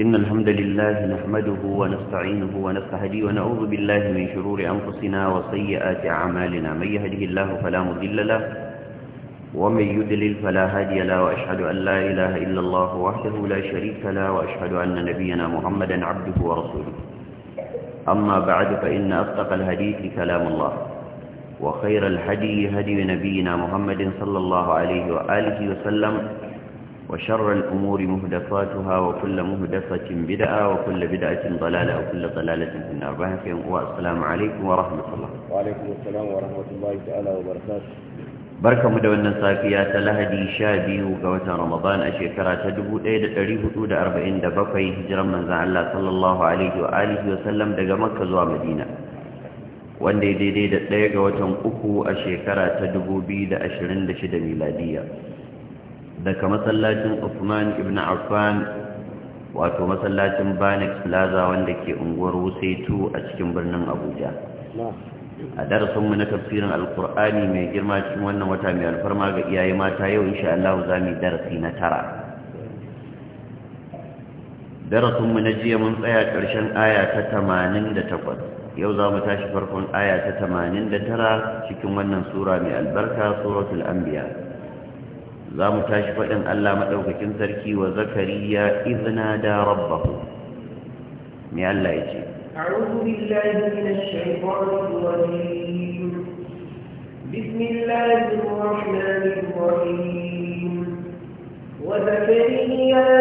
إن الحمد لله نحمده ونستعينه ونستهدي ونعوذ بالله من شرور أنفسنا وسيئات أعمالنا من يهده الله فلا مضل له ومن يدلل فلا هادي له وأشهد أن لا إله إلا الله وحده لا شريك له وأشهد أن نبينا محمدا عبده ورسوله أما بعد فإن أصدق الحديث كلام الله وخير الحدي هدي نبينا محمد صلى الله عليه وآله وسلم وشر الأمور مهدفاتها وكل مهدفة بدعة وكل بدعة ضلالة وكل ضلالة في النار بحكم والسلام عليكم ورحمة الله وعليكم السلام ورحمة الله تعالى وبركاته barka mu da wannan safiya ta lahadi sha biyu ga watan ramadan a shekara ta dubu ɗaya da ɗari hudu da arba'in da bakwai hijiran manzan Allah sallallahu alaihi wa daga makka zuwa madina wanda ya daidai da ɗaya ga watan uku a shekara ta dubu biyu da ashirin da shida miladiyya daga masallacin Usman ibn Affan wato masallacin Banex Plaza wanda ke unguwar Wusaitu a cikin birnin Abuja a darasin mu na tafsirin alkur'ani mai girma cikin wannan wata mai alfarma ga iyaye mata yau insha Allah za mu darasi na tara darasin mu na jiya mun tsaya ƙarshen aya ta 88 yau za mu tashi farkon aya ta 89 cikin wannan sura mai albarka suratul anbiya za mu tashi faɗin Allah maɗaukakin sarki wa zakariya izina da rabbahu mai Allah ya ce بسم الله الرحمن الرحيم وزكريا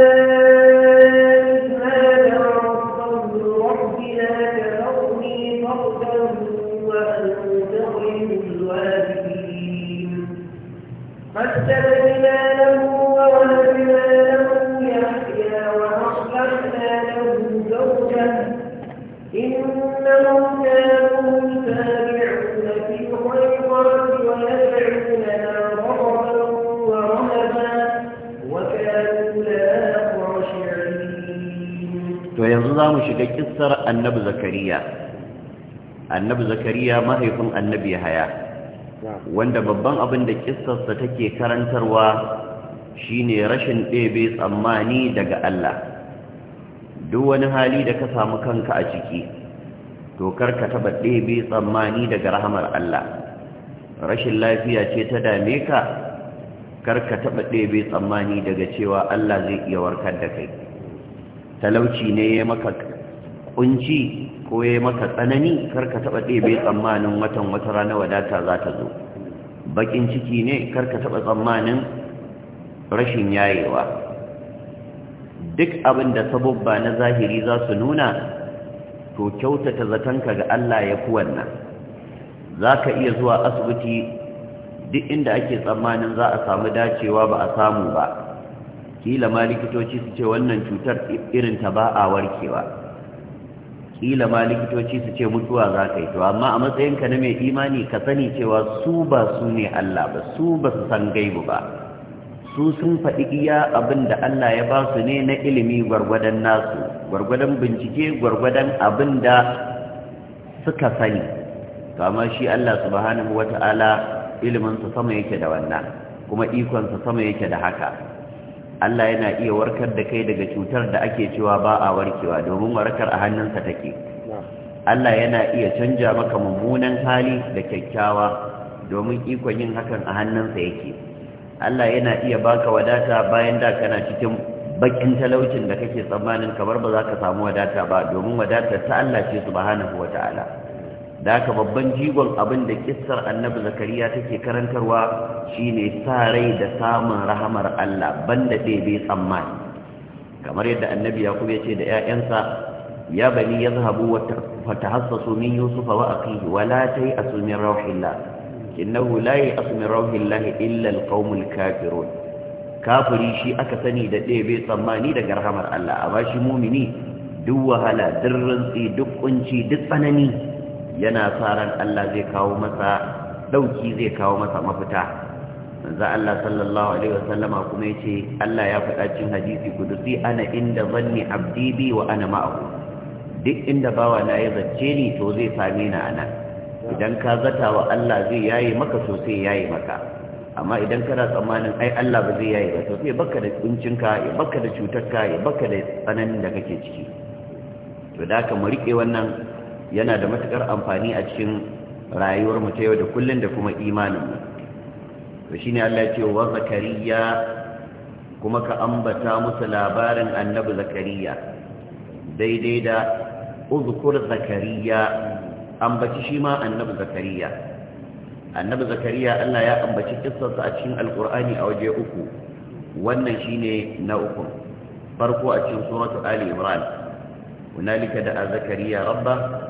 annabi zakariya mahaifin annabi haya wanda babban abin da kissarsa take karantarwa shine rashin ɗebe tsammani daga Allah duk wani hali da ka samu kanka a ciki to ka taba ɗebe tsammani daga rahamar Allah rashin lafiya ce ta dame ka karka taba ɗebe tsammani daga cewa Allah zai iya warkar da kai talauci ne ya maka kunci ko ya maka tsanani kar ka taɓa ɗebe tsammanin watan wata rana wadata za ta zo bakin ciki ne karka taba tsammanin rashin yayewa duk abin da sababba na zahiri za su nuna to kyautata zatonka ga Allah ya fi wannan za ka iya zuwa asibiti duk inda ake tsammanin za a samu dacewa ba a samu ba kila ma likitoci su ce wannan cutar irinta ba a warkewa kila ma likitoci su ce mutuwa za ka yi to amma a matsayinka na mai imani ka sani cewa su ba su ne Allah ba su ba su san gaibu ba su sun faɗi iya abin da Allah ya ba su ne na ilimi gwargwadon nasu gwargwadon bincike gwargwadon abin da suka sani to amma shi Allah subhanahu wata'ala iliminsa sama yake da wannan kuma ikonsa sama yake da haka Allah yana iya warkar da kai daga cutar da ake cewa ba a warkewa domin warkar a hannunsa take Allah yana iya canja maka mummunan hali da kyakkyawa domin ikon yin hakan a hannunsa yake Allah yana iya baka wadata bayan da kana cikin bakin talaucin da kake tsammanin kamar ba za ka samu wadata ba domin wadata ta Allah ce subhanahu wataala da haka babban jigon abin da kissar annabi zakariya take karantarwa shine sa rai da samun rahamar Allah banda da bai tsammani kamar yadda annabi yakub ya ce da ƴaƴansa ya bani yazhabu wa tahassasu min yusuf wa a wa la tayasu min rauhillah innahu la yasu min rauhillah illa alqaumul kafirun kafiri shi aka sani da ɗebe bai tsammani daga rahamar Allah amma shi mumini duk wahala duk rantsi duk kunci duk tsanani yana tsaron Allah zai kawo masa dauki zai kawo masa mafita manzo Allah sallallahu alaihi wasallama kuma ya ce Allah ya faɗa cikin hadisi kudusi ana inda zanni abdi bi wa ana ma'ahu duk inda bawa na ya zace ni to zai same ni anan idan ka zata wa Allah zai yayi maka to yayi maka amma idan kana tsammanin ai Allah ba zai yayi ba to sai baka da kuncinka ya baka da cutarka ya baka da tsananin da kake ciki to da ka mu rike wannan yana da matukar amfani a cikin rayuwar mu ta yau da kullun da kuma imanin mu to shine Allah ya ce wa zakariya kuma ka ambata musu labarin annabi zakariya daidai da uzkur zakariya ambaci shi ma annabi zakariya annabi zakariya Allah ya ambaci kissarsa a cikin alqur'ani a waje uku wannan shine na uku farko a cikin suratu ali imran hunalika da zakariya rabba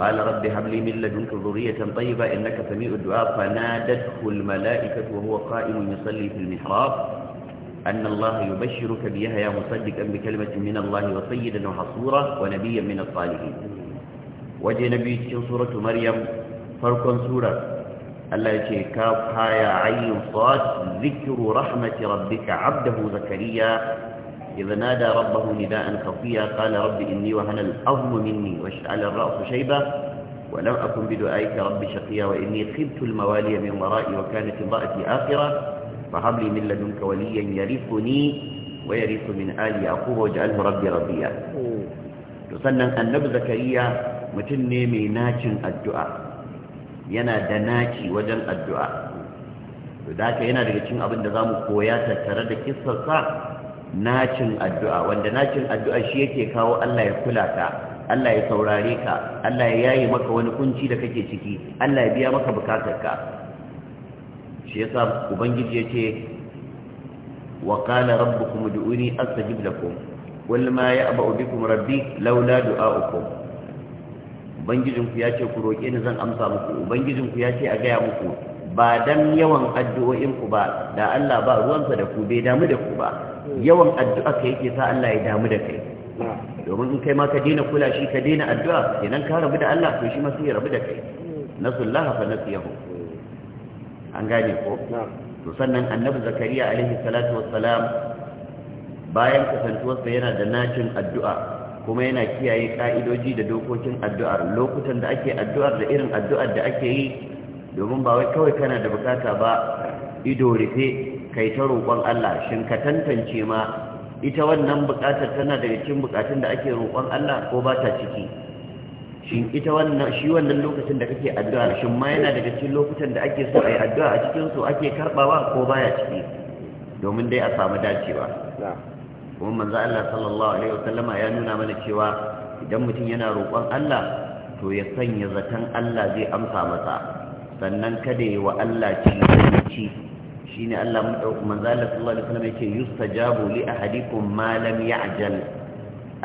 قال رب هب لي من لدنك ذرية طيبة إنك سميع الدعاء فنادته الملائكة وهو قائم يصلي في المحراب أن الله يبشرك يا مصدقا بكلمة من الله وسيدا وحصورا ونبيا من الصالحين وجه نبي سورة مريم فرق سورة الله يشي كاف هايا عين صاد ذكر رحمة ربك عبده زكريا إذا نادى ربه نداء خفيا قال رب إني وهن الأظم مني واشعل الرأس شيبا ولم أكن بدعائك رب شقيا وإني خبت الموالي من ورائي وكانت امرأتي آخرة فهب لي من لدنك وليا يرثني ويرث من آل يعقوب واجعله ربي ربيا تسنن النبي زكريا متني مي الدعاء ينا da وجن الدعاء addu'a ينا haka أبن دغام cin abin da nacin addu'a wanda nacin addu'a shi yake kawo Allah ya kula ka Allah ya saurare ka Allah ya yayi maka wani kunci da kake ciki Allah ya biya maka bukatarka shi yasa ubangiji yace wa qala rabbukum ud'uni astajib lakum wal ma ya'ba'u bikum rabbi laula du'a'ukum ubangijinku yace ku roke ni zan amsa muku ubangijinku yace a gaya muku ba dan yawan addu'o'in ku ba da Allah ba ruwansa da ku bai damu da ku ba yawan addu'a ka yake sa Allah ya damu da kai domin in kai ma ka daina kula shi ka daina addu'a kenan ka rabu da Allah to shi ma sai ya rabu da kai nasullaha fa nasiyahu an gane ko to sannan annabi zakariya alaihi salatu wassalam bayan kasantuwarsa yana da nacin addu'a kuma yana kiyaye ka'idoji da dokokin addu'ar lokutan da ake addu'ar da irin addu'ar da ake yi domin ba wai kawai kana da bukata ba ido rufe kai ta roƙon Allah shin ka tantance ma ita wannan bukatar tana daga cikin bukatun da ake roƙon Allah ko ba ta ciki shin ita wannan shi wannan lokacin da kake addu'a shin ma yana daga cikin lokutan da ake so ai addu'a a cikin su ake karbawa ko baya ciki domin dai a samu dacewa kuma manzo Allah sallallahu alaihi wasallama ya nuna mana cewa idan mutum yana roƙon Allah to ya sanya zaton Allah zai amsa masa sannan kada yi wa Allah ci ne Allah manzo Allah sallallahu alaihi wasallam yake yustajabu li ahadikum ma lam ya'jal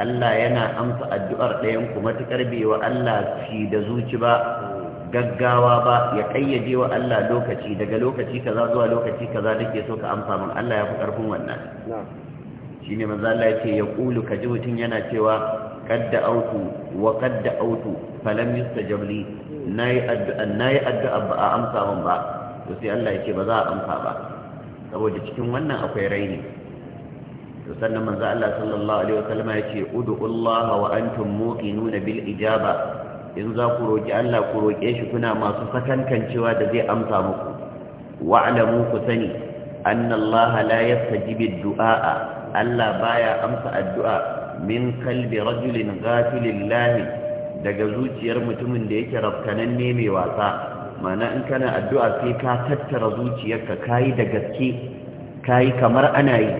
Allah yana amsa addu'ar ɗayan ku matakar bai wa Allah ci da zuci ba gaggawa ba ya kayyade wa Allah lokaci daga lokaci kaza zuwa lokaci kaza nake so ka amsa min Allah ya fi ƙarfin wannan shine manzo Allah yake ya kulu kaji mutum yana cewa qadda autu wa qadda autu falam yustajab li nayi addu'a addu'a ba a amsa min ba to sai Allah ya ce ba za a amsa ba saboda cikin wannan akwai raini to sannan manzo Allah sallallahu alaihi wasallam ya ce ud'ullaha wa antum muqinuna bil ijaba in za ku roki Allah ku roke shi kuna masu sakankancewa da zai amsa muku wa'lamu ku sani annallaha Allah la yastajibu du'a Allah baya amsa addu'a min qalbi rajulin ghafilin lahi daga zuciyar mutumin da yake ne mai wasa mana in kana addu'a sai ka tattara zuciyarka kayi da gaske kayi kamar ana yi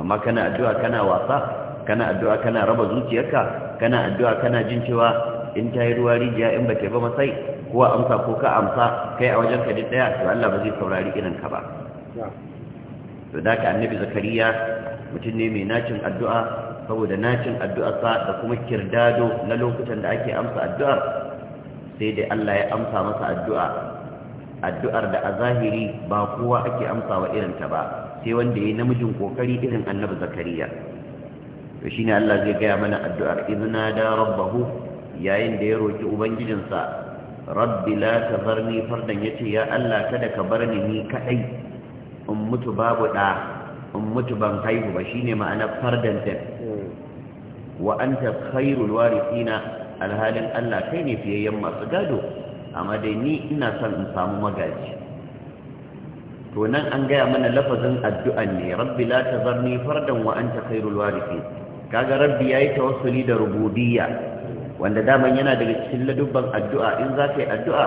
amma kana addu'a kana wasa kana addu'a kana raba zuciyarka kana addu'a kana jin cewa in ta yi ruwa rijiya in ba ta ba masai ko amsa ko ka amsa kai a wajen ka ɗaya to Allah ba zai saurari irin ka ba to da ka annabi zakariya mutum ne mai nacin addu'a saboda nacin addu'arsa da kuma kirdado na lokutan da ake amsa addu'ar sai dai Allah ya amsa masa addu'a addu'ar da a zahiri ba kowa ake amsa wa irinta ba sai wanda ya namijin kokari irin annabi zakariya to ne Allah zai gaya mana addu'ar izna da rabbahu yayin da ya roki ubangijinsa rabbi la tazarni fardan ce, ya Allah kada ka bar ni ni kaɗai. in mutu babu ɗa, in mutu ban haihu ba shine ma'anar fardan din wa anta khairul alhalin Allah kai ne fiyayyen masu gado amma dai ni ina son in samu magaji to nan an gaya mana lafazin addu'an ne rabbi la tazarni fardan wa anta khairul ga kaga rabbi yayi tawassuli da rububiyya wanda daman yana daga cikin ladubban addu'a in za ka yi addu'a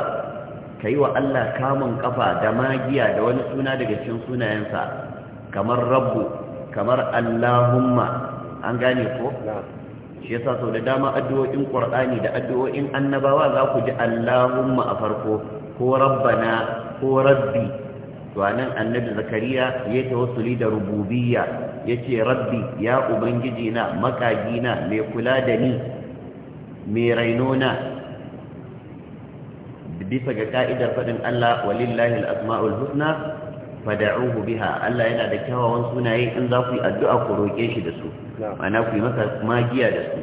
Ka yi wa Allah kamun kafa da magiya da wani suna daga cikin sunayensa kamar rabbu kamar allahumma an gane ko shi yasa sau da dama addu'o'in ƙur'ani da addu'o'in annabawa za ku ji allahumma a farko ko rabbana ko rabbi to annabi zakariya ya tawassuli da rububiyya yace rabbi ya ubangiji na makagi na mai kula da ni mai raino na bisa ga ka'idar faɗin Allah walillahi al-asma'ul husna fada'uhu biha Allah yana da kyawawan sunaye in za ku yi addu'a ku roƙe shi da su ma'ana ku yi masa magiya da su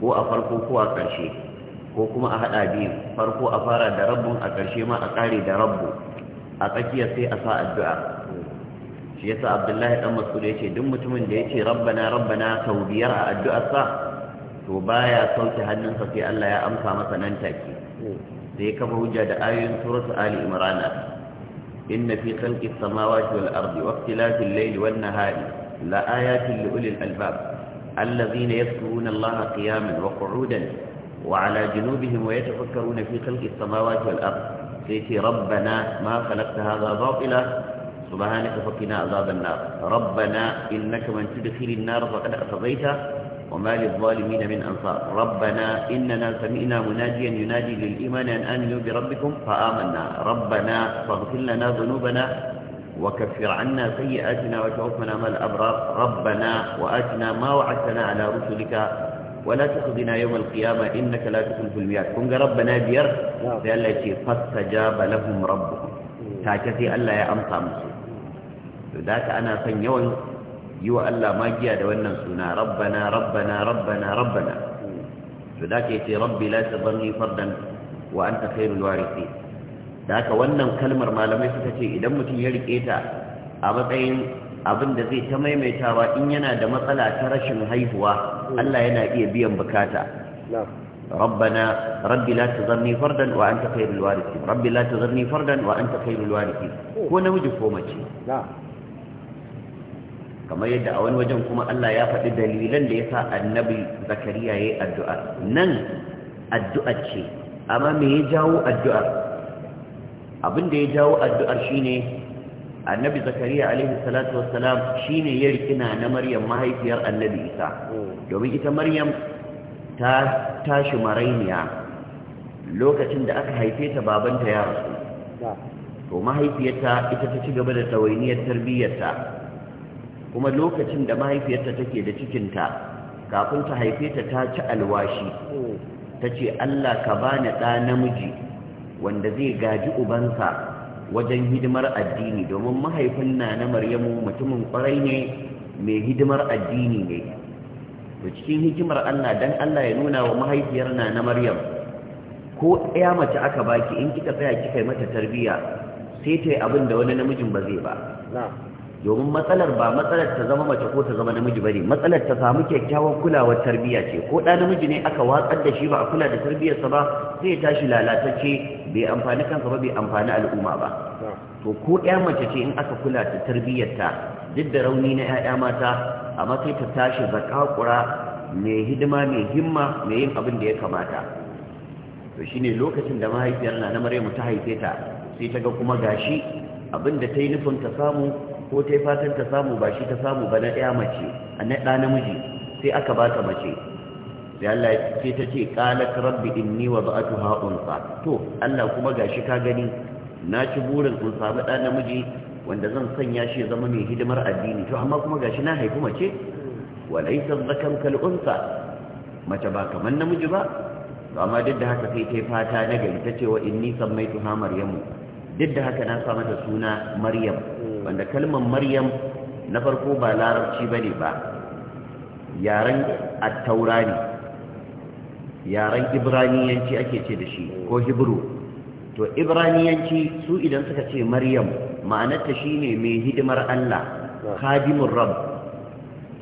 ko a farko ko a ƙarshe ko kuma a haɗa biyu farko a fara da rabbun a ƙarshe ma a ƙare da rabbu a tsakiyar sai a sa addu'a shi yasa abdullahi dan masud yace duk mutumin da yace rabbana rabbana sau biyar a addu'ar sa to baya sauke hannunsa sai Allah ya amsa masa nan take hmm. sai kafa hujja da ayoyin suratu ali imrana إن في خلق السماوات والأرض واختلاف الليل والنهار لآيات لأولي الألباب الذين يذكرون الله قياما وقعودا وعلى جنوبهم ويتفكرون في خلق السماوات والأرض سيتي ربنا ما خلقت هذا باطلا سبحانك فقنا عذاب النار ربنا إنك من تدخل النار فقد أخذيته وما للظالمين من أنصار ربنا إننا سمعنا مناديا ينادي للإيمان أن آمنوا بربكم فآمنا ربنا فاغفر لنا ذنوبنا وكفر عنا سيئاتنا وتوفنا مع الأبرار ربنا وآتنا ما وعدتنا على رسلك ولا تخذنا يوم القيامة إنك لا تخلف الميعاد كن ربنا بير نعم. التي إيه؟ فاستجاب لهم ربهم تاكسي ألا يا أمسى مسلم ذاك أنا سنيوي yi wa Allah magiya da wannan suna rabbana rabbana rabbana rabbana to da ke ce rabbi la ta tazarni fardan wa an ta kairu warithin da haka wannan kalmar malamai suka ce idan mutum ya rike ta a matsayin abin da zai ta maimaitawa in yana da matsala ta rashin haihuwa Allah yana iya biyan bukata ربنا ربي لا تذرني فردا وأنت خير الوارثين ربي لا تذرني فردا وأنت خير الوارثين Ko namiji ko mace. kamar yadda a wani wajen kuma Allah ya faɗi dalilan da ya sa annabi zakariya ya yi addu'a nan addu'ar ce amma me ya jawo addu'ar abin da ya jawo addu'ar shine annabi zakariya alaihi salatu shi shine ya rikina na maryam mahaifiyar annabi isa domin ita maryam ta tashi marainiya lokacin da aka haife ta babanta ya rasu to mahaifiyarta ita ta ci gaba da tawainiyar tarbiyyarta kuma lokacin da mahaifiyarta take da cikinta kafin ta haife ta ta ci alwashi ta ce Allah ka bani ɗa namiji wanda zai gaji ubansa wajen hidimar addini domin mahaifin na na maryamu mutumin kwarai ne mai hidimar addini ne to cikin hikimar Allah dan Allah ya nuna wa mahaifiyar na na maryam ko ɗaya mace aka baki in kika tsaya kika mata tarbiya sai ta yi abin da wani namijin ba zai ba domin matsalar ba matsalar ta zama mace ko ta zama namiji bane matsalar ta samu kyakkyawar kulawar tarbiyya ce ko da namiji ne aka watsar da shi ba a kula da tarbiyyarsa ba sai ya tashi lalatacce bai amfani kansa ba bai amfani al'umma ba to ko ɗaya mace ce in aka kula da tarbiyyarta duk da rauni na 'ya'ya mata a matsayi ta tashi zakakura mai hidima mai himma mai yin abin da ya kamata to shine lokacin da mahaifiyar na na mu ta haife ta sai ta ga kuma gashi abin da ta yi nufin ta samu ko ta fatan ta samu ba shi ta samu ba na ɗaya mace a na ɗa namiji sai aka ba ta mace sai Allah sai ta ce qalat rabbi inni wada'tuha unsa to Allah kuma gashi ka gani na ci burin in samu ɗa namiji wanda zan sanya shi ya zama mai hidimar addini to amma kuma gashi na haifi mace walaysa dhakam kal unsa mace ba kaman namiji ba amma duk da haka sai ta fata na gari ta ce wa inni tuhamar maryamu duk da haka na sa mata suna maryam wanda kalmar maryam na farko ba larabci bane ba yaren Attaurani, yaren ibraniyanci ake ce da shi ko Hibru, to ibraniyanci su idan suka ce maryam ma'anarta shine mai hidimar Allah khadimur rabb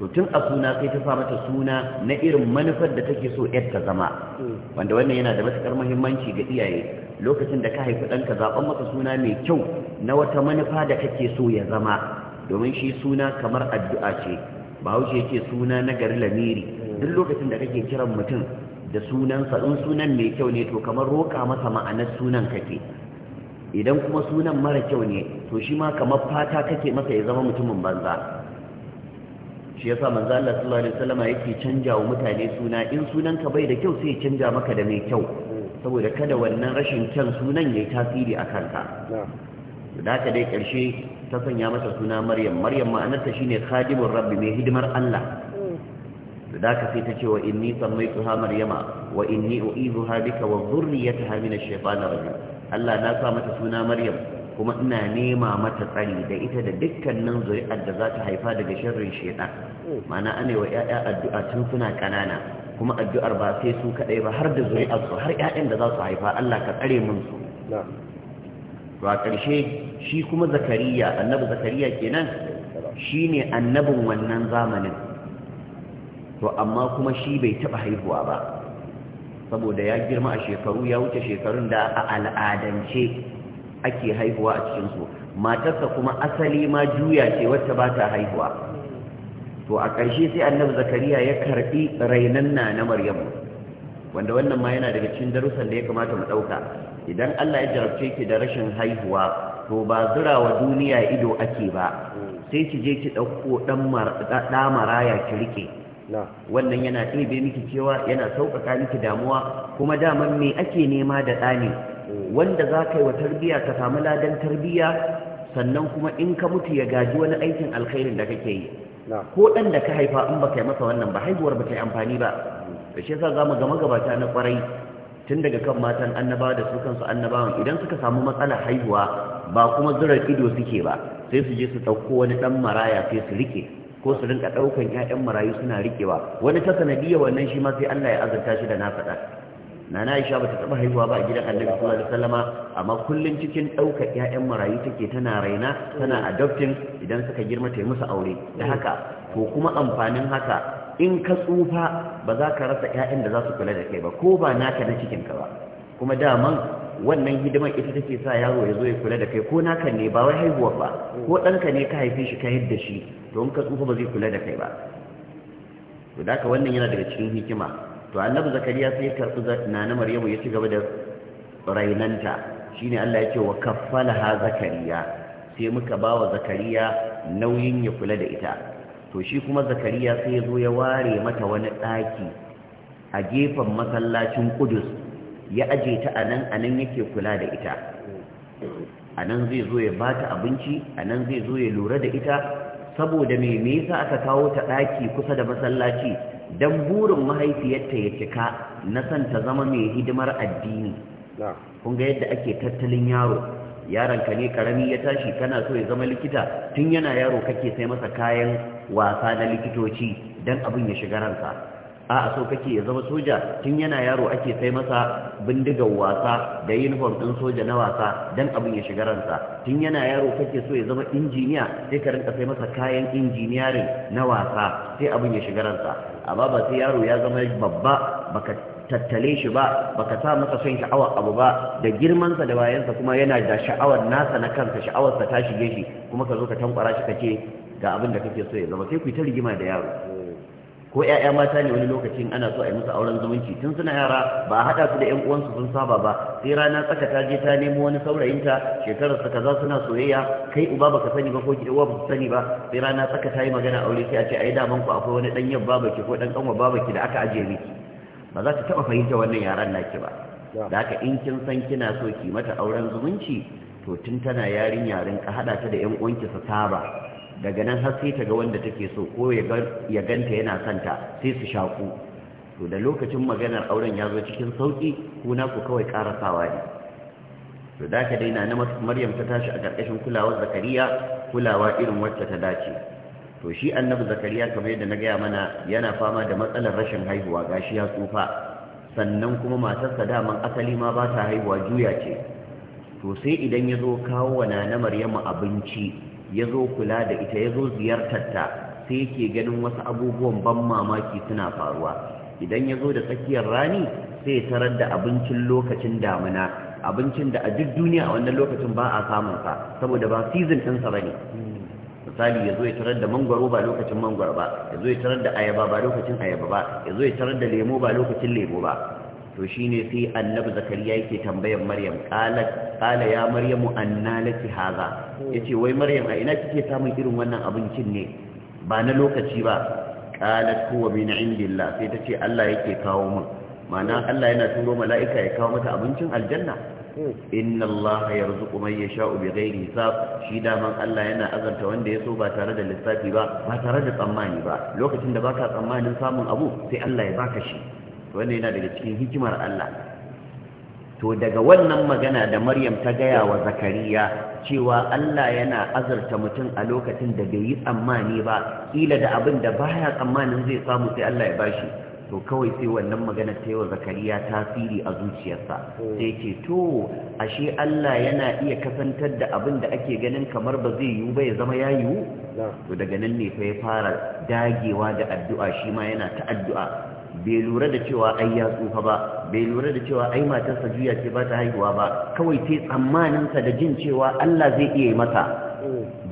to tun a suna sai ta sa mata suna na irin manufar da take so yar ta zama hmm. wanda wannan yana da matukar muhimmanci ga iyaye lokacin da ka haifi ɗanka zaɓen maka suna mai kyau na wata manufa da kake so ya zama domin shi suna kamar addu'a ce bahaushe yake suna na gari lamiri duk lokacin da kake kiran mutum da sunansa in sunan mai kyau ne to kamar roƙa masa ma'anar sunan kake idan kuma sunan mara kyau ne to shi ma kamar fata kake masa ya zama mutumin banza shi yasa manzo Allah sallallahu alaihi wasallam yake canja wa mutane suna in sunan ka bai da kyau sai ya canja maka da mai kyau saboda kada wannan rashin kyan sunan ya yi tasiri a kanka da haka dai ƙarshe ta sanya mata suna maryam maryam ma'anarta shine khadimun rabbi mai hidimar allah hmm. da ka sai ta ce wa inni sammaituha maryama wa inni u'izuha bika wa dhurriyyataha min ash-shaytanir rajim allah na sa mata suna maryam kuma ina nema mata tsari da ita da dukkanin zuri'ar da za ta haifa daga sharrin shaitan hmm. ma'ana ana wa 'ya'ya addu'a tun suna ƙanana kuma addu'ar ba sai su kaɗai ba har da zuri'arsu har 'ya'yan da za su haifa Allah ka tsare mun su to a ƙarshe shi kuma zakariya annabu zakariya kenan shi ne annabin wannan zamanin to amma kuma shi bai taɓa haihuwa ba saboda ya girma a shekaru ya wuce shekarun da a al'adance ake haihuwa a cikinsu matarsa kuma asali ma juya ce wacce ba ta haihuwa to a ƙarshe sai annabi zakariya ya karɓi rainanna na maryam maryamu wanda wannan ma yana daga cikin darussan da ya kamata mu ɗauka idan allah ya jarabce ki da rashin haihuwa to ba zura wa duniya ido ake ba sai ki je ki ɗauko ɗa maraya ki riƙe wannan yana ɗebe miki cewa yana sauƙaƙa miki damuwa kuma daman me ake nema da ɗa ne wanda za ka yi wa tarbiyya ka samu ladan tarbiyya sannan kuma in ka mutu ya gaji wani aikin alkhairin da kake yi ko ɗan da ka haifa in ka yi masa wannan ba haihuwar ba ta yi amfani ba da shi yasa zamu ga magabata na kwarai tun daga kan matan annabawa da su kansu annabawan idan suka samu matsalar haihuwa ba kuma zurar ido suke ba sai su je su ɗauko wani ɗan maraya sai su rike ko su rinka ɗaukan 'ya'yan marayu suna rikewa wani ta sanadiyya wannan shi ma sai Allah ya azurta shi da na faɗa nana Aisha bata taba haihuwa ba a gidan Annabi sallallahu alaihi wasallama amma kullun cikin daukar ƴaƴan marayu take tana raina tana adopting idan suka girma ta musu aure da haka to kuma amfanin haka in ka tsufa ba za ka rasa ƴaƴan da za su kula da kai ba ko ba naka na cikin ka ba kuma daman wannan hidimar ita take sa yaro ya zo ya kula da kai ko naka ne ba wai haihuwa ba ko ɗanka ne ka haife shi ka yadda shi to in ka tsufa ba zai kula da kai ba to da wannan yana daga cikin hikima to annabi zakariya sai ya karɓi nana maryamu ya ci gaba da rainanta shine Allah ya ce wa kaffalaha zakariya sai muka bawa zakariya nauyin ya kula da ita to shi kuma zakariya sai ya zo ya ware mata wani ɗaki a gefen masallacin kudus ya aje ta a nan yake kula da ita a zai zo ya ba abinci anan zai zo ya lura da ita saboda me me yasa aka kawo ta ɗaki kusa da masallaci dan burin mahaifiyarta ya cika na san ta zama mai hidimar addini kun ga yadda ake tattalin yaro yaronka ne karami ya tashi kana so ya zama likita tun yana yaro kake sai masa kayan wasa na likitoci dan abin ya shiga ransa a so kake ya zama soja tun yana yaro ake sai masa bindigar wasa da uniform din soja na wasa dan abin ya shiga ransa tun yana yaro kake so ya zama injiniya sai ka rinka sai masa kayan injiniyarin na wasa sai abin ya shiga ransa amma ba sai yaro ya zama babba baka tattale shi ba baka sa masa son sha'awar abu ba da girmansa da bayansa kuma yana da sha'awar nasa na kansa sha'awarsa ta shige shi kuma ka zo ka tankwara shi kake ga abin da kake so ya zama sai ku yi ta rigima da yaro ko ƴaƴa mata ne wani lokacin ana so a yi musu auren zumunci tun suna yara ba a haɗa su da ƴan uwansu sun saba ba sai rana tsaka ta je ta nemo wani saurayinta shekarar sa kaza suna soyayya kai uba baka sani ba ko ki uwa baka sani ba sai rana tsaka ta yi magana aure sai a ce ai daman ku akwai wani ɗan yabba baki ko ɗan kanwa babaki da aka ajiye miki ba za ta taba fahimta wannan yaran naki ba da haka in kin san kina so ki mata auren zumunci to tun tana yarinya yarin ka haɗa ta da ƴan uwanki su saba daga nan har sai ta ga wanda take so ko ya ganta yana santa sai su shaku to da lokacin maganar auren ya zo cikin sauki kuna ku kawai karasawa ne to da ka daina na maryam ta tashi a ƙarƙashin kulawar zakariya kulawa irin wacce ta dace to shi annabi zakariya kamar yadda na gaya mana yana fama da matsalar rashin haihuwa gashi ya tsufa sannan kuma matarsa daman asali ma ba ta haihuwa juya ce to sai idan ya zo kawo wa Nana maryam abinci ya zo kula da ita ya zo ziyartarta sai yake ganin wasu abubuwan ban mamaki suna faruwa idan ya zo da tsakiyar rani sai ya tarar da abincin lokacin damina abincin da a duk duniya a wannan lokacin ba a samun sa saboda ba season ɗinsa sa bane misali ya zo ya tarar da mangwaro ba lokacin mangwaro ba ya zo ya tarar da ayaba ba lokacin ayaba ba ya zo ya tarar da lemo ba lokacin lemo ba to shine sai annabi zakariya yake tambayar maryam Kala ya maryamu anna laki Ya yace wai maryam a ina kike samun irin wannan abincin ne ba na lokaci ba qalat huwa min indillah sai ta ce Allah yake kawo min ma'ana Allah yana turo mala'ika ya kawo mata abincin aljanna inna Allah yarzuqu man yasha'u bighairi hisab shi daman Allah yana azanta wanda ya so ba tare da lissafi ba ba tare da tsammani ba lokacin da baka tsammanin samun abu sai Allah ya baka shi wanda yana daga cikin hikimar Allah to daga wannan magana da Maryam ta gaya wa Zakariya cewa Allah yana azurta mutum a lokacin da bai yi tsammani ba kila da abin da baya tsammanin zai samu sai Allah ya bashi to kawai sai wannan magana ta yi wa Zakariya tasiri a zuciyarsa sai ce to ashe Allah yana iya kasantar da abin da ake ganin kamar ba zai yiwu ba ya zama ya yiwu to daga nan ne fa ya fara dagewa da addu'a shi ma yana ta addu'a bai lura da cewa ai ya tsufa ba bai lura da cewa ai matarsa juya ce ba ta haihuwa ba kawai sai tsammaninsa da jin cewa Allah zai iya yi masa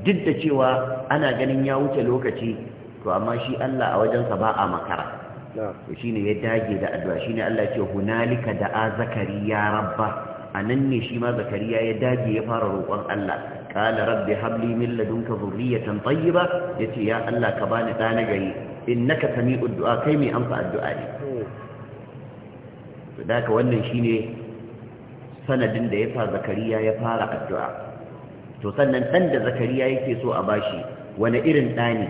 duk da cewa ana ganin ya wuce lokaci to amma shi Allah a wajensa ba a makara to ya dage da addu'a Shin Allah ya ce hunalika da'a ya rabba nan ne shi ma zakariya ya dage ya fara roƙon Allah قال رب هب لي من لدنك ذرية طيبة يتي يا الله كباني دانا غري innaka sami'ud du'a kai mai amsa addu'a ne to da ka wannan shine sanadin da yasa zakariya ya fara addu'a to sannan dan da zakariya yake so a bashi wani irin dani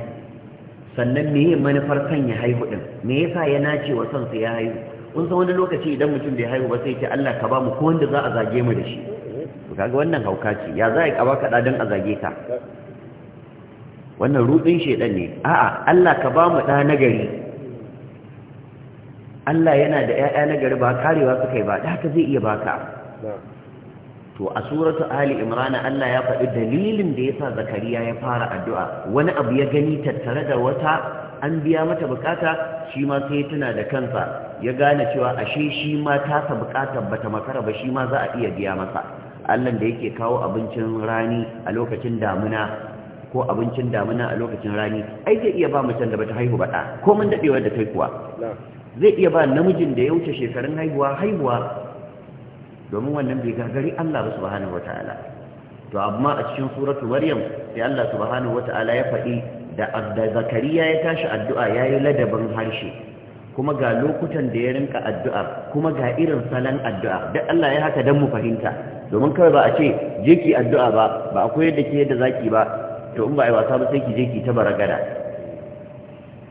Sannan sannan meye manufar san ya haihu din me yasa ya nace wa san ya haihu kun san wani lokaci idan mutum bai haihu ba sai ce Allah ka ba mu ko wanda za a zage mu da shi kaga wannan hauka ce ya za a yi ka baka dan a zage ka wannan rudin shedan ne a'a Allah ka ba mu da nagari Allah yana da ƴaƴa nagari ba karewa suka yi ba da haka zai iya baka to a suratu ali imran Allah ya faɗi dalilin da yasa zakariya ya fara addu'a wani abu ya gani tattare da wata an biya mata bukata shi ma sai tuna da kansa ya gane cewa ashe shi ma tasa bukatar bata makara ba shi ma za a iya biya masa Allah da yake kawo abincin rani a lokacin damuna ko abincin damuna a lokacin rani ai zai iya ba mutum da bata haihu ba ɗa ko mun dadewa da kai kuwa zai iya ba namijin da ya wuce shekarun haihuwa haihuwa domin wannan bai gagari Allah subhanahu wata'ala to amma a cikin suratul maryam sai Allah subhanahu wata'ala ya faɗi da zakariya ya tashi addu'a yayi ladabin harshe kuma ga lokutan da ya rinka addu'a kuma ga irin salan addu'a da Allah ya haka dan mu fahimta domin kawai ba a ce je ki addu'a ba ba akwai yadda ke yadda zaki ba to in ba ai wasa ba sai ki je ki ta baragada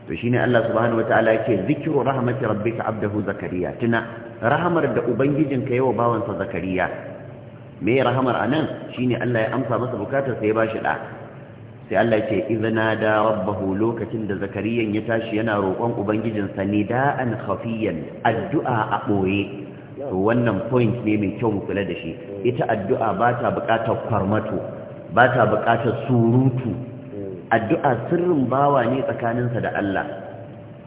to shine Allah subhanahu wataala yake zikru rahmati rabbika abdahu zakariya tuna rahamar da ubangijin ubangijinka yawa bawansa zakariya me rahamar anan shine Allah ya amsa masa bukatar sai ya bashi da sai Allah ce izina da rabbahu lokacin da zakariyan ya tashi yana roƙon ubangijinsa ne da'an khafiyan addu'a a ɓoye wannan point ne mai kyau mu kula da shi ita addu'a ba ta buƙatar farmato ba ta buƙatar surutu addu'a sirrin bawa ne tsakaninsa da Allah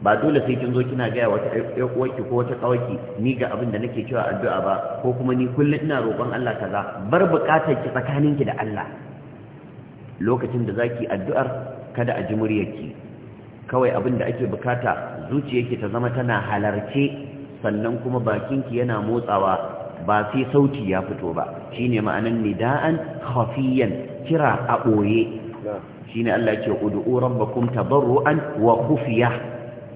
ba dole sai kin zo kina gaya wata ƴar'uwarki ko wata ƙawarki ni ga abin da nake cewa addu'a ba ko kuma ni kullum ina roƙon Allah kaza bar buƙatar ki tsakaninki da Allah lokacin da zaki addu'ar kada a ji muryarki kawai abin da ake bukata zuciyarki ta zama tana halarce sannan kuma bakinki yana motsawa ba sai sauti ya fito ba shine ma'anan nida'an khafiyan kira a boye shine Allah yake ud'u rabbakum tadarruan wa khufiya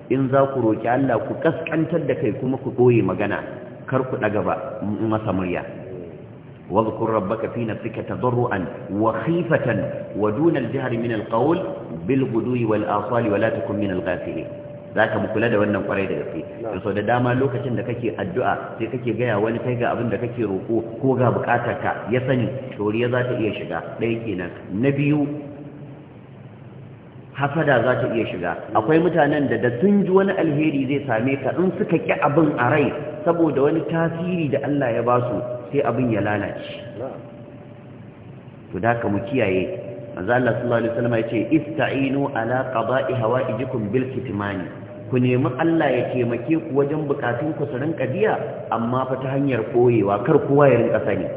in za ku roki Allah ku kaskantar da kai kuma ku boye magana kar ku daga ba masa murya واذكر ربك في jihar تضرعا وخيفة ودون الجهر من القول بالغدو والآصال ولا تكن من الغافلين za ka mu kula da wannan kwarai da gaske to sau da dama lokacin da kake addu'a sai kake gaya wani kai ga abin da kake roƙo ko ga buƙatarka ya sani toriya za ta iya shiga ɗaya kenan na biyu hasada za ta iya shiga akwai mutanen da da sun ji wani alheri zai same ka in suka ƙi abin a rai saboda wani tasiri da Allah ya ba su sai abin ya lalace to da ka mu kiyaye manzo Allah sallallahu alaihi wasallam ya ce ista'inu ala qada'i hawaijikum bil kitmani ku nemi Allah ya taimake ku wajen bukatun ku su rinka amma fa ta hanyar koyewa kar kowa ya rinka sani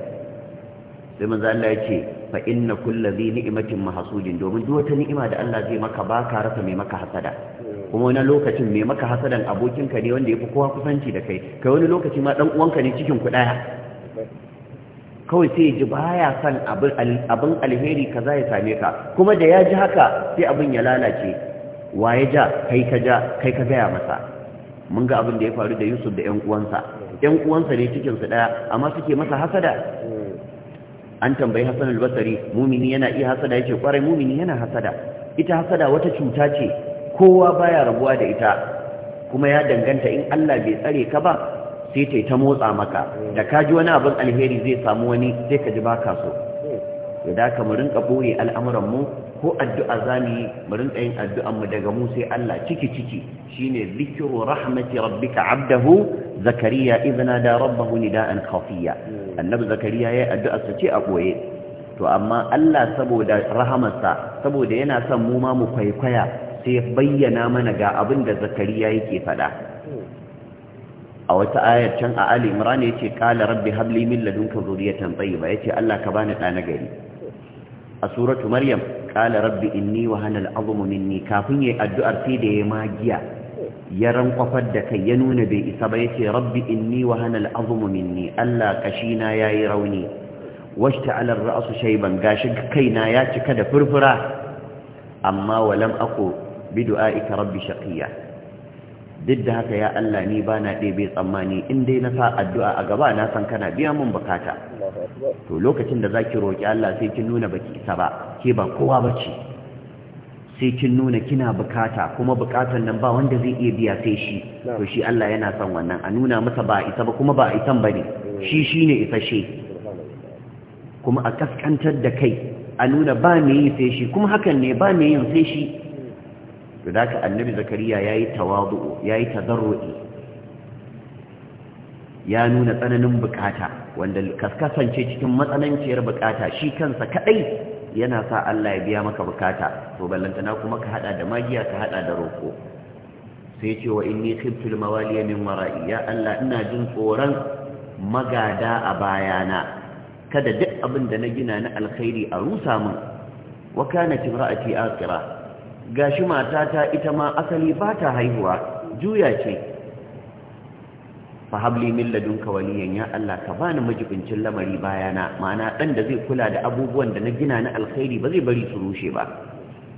sai manzo Allah ya ce fa inna kulli ni'matin mahsudin domin duk wata ni'ima da Allah zai maka baka rasa mai maka hasada kuma wani lokacin mai maka hasadan abokinka ne wanda yafi kowa kusanci da kai kai wani lokaci ma dan uwanka ne cikin ku daya kawai sai ji baya son abin alheri kaza ya same ka kuma da ya ji haka sai abin ya lalace waye ja kai ka ja kai ka gaya masa mun ga abin da ya faru da yusuf da 'yan uwansa 'yan uwansa ne cikinsu daya amma suke masa hasada an tambayi hasan albasari mumini yana iya hasada ce kwarai mumini yana hasada ita hasada wata cuta ce kowa baya rabuwa da ita kuma ya danganta in Allah bai tsare ka ba sai ta ta motsa maka da ka ji wani abin alheri zai samu wani sai ka ji baka so ya da ka rinka boye al'amuran mu ko addu'a zamu mu yi yin addu'an mu daga mu sai Allah ciki ciki shine zikiru rahmati rabbika abdahu zakariya izina da rabbahu da kafiya annabi zakariya yayi addu'a sa ce a koye to amma Allah saboda rahamarsa saboda yana son mu ma mu kwaikwaya sai bayyana mana ga abin da zakariya yake faɗa a wata ayar can a Ali Imran yace kala rabbi habli min ladunka zurriyatan tayyiba yace Allah ka bani ɗa nagari a suratu maryam qala rabbi inni wahana al'azmu minni kafin yayi addu'ar sai da yayi magiya ya rankwafar da kai ya nuna bai isa ba yace rabbi inni wahana al'azmu minni Allah kashina yayi rauni washta'ala ar-ra'su shayban gashi kaina ya cika da furfura amma walam aku bi du'aika rabbi shaqiya duk da haka ya Allah ni ba na ɗebe tsammani in dai na sa addu'a a gaba na san kana biya mun bukata to lokacin da zaki ki roƙi Allah sai kin nuna baki isa ba ke ba kowa ba ce sai kin nuna kina bukata kuma bukatan nan ba wanda zai iya biya sai shi to shi Allah yana san wannan a nuna masa ba isa ba kuma ba isan ba shi shi ne she kuma a kaskantar da kai a nuna ba me yin sai shi kuma hakan ne ba me yin sai shi da ka annabi zakariya ya yi tawadu ya yi ya nuna tsananin bukata wanda kaskasance cikin matsananciyar bukata shi kansa kadai yana sa Allah ya biya maka bukata to ballantana kuma ka hada da magiya ka hada da roko sai ce wa inni khiftu al-mawaliya min wara'i ya Allah ina jin tsoron magada a bayana kada duk abin da na gina na alkhairi a rusa min wa kanat imra'ati aqira gashi matata ita ma asali ba ta haihuwa juya ce fahabli min ladunka waliyan ya Allah ka bani majibincin lamari bayana ma'ana dan da zai kula da abubuwan da na gina na alkhairi ba zai bari su rushe ba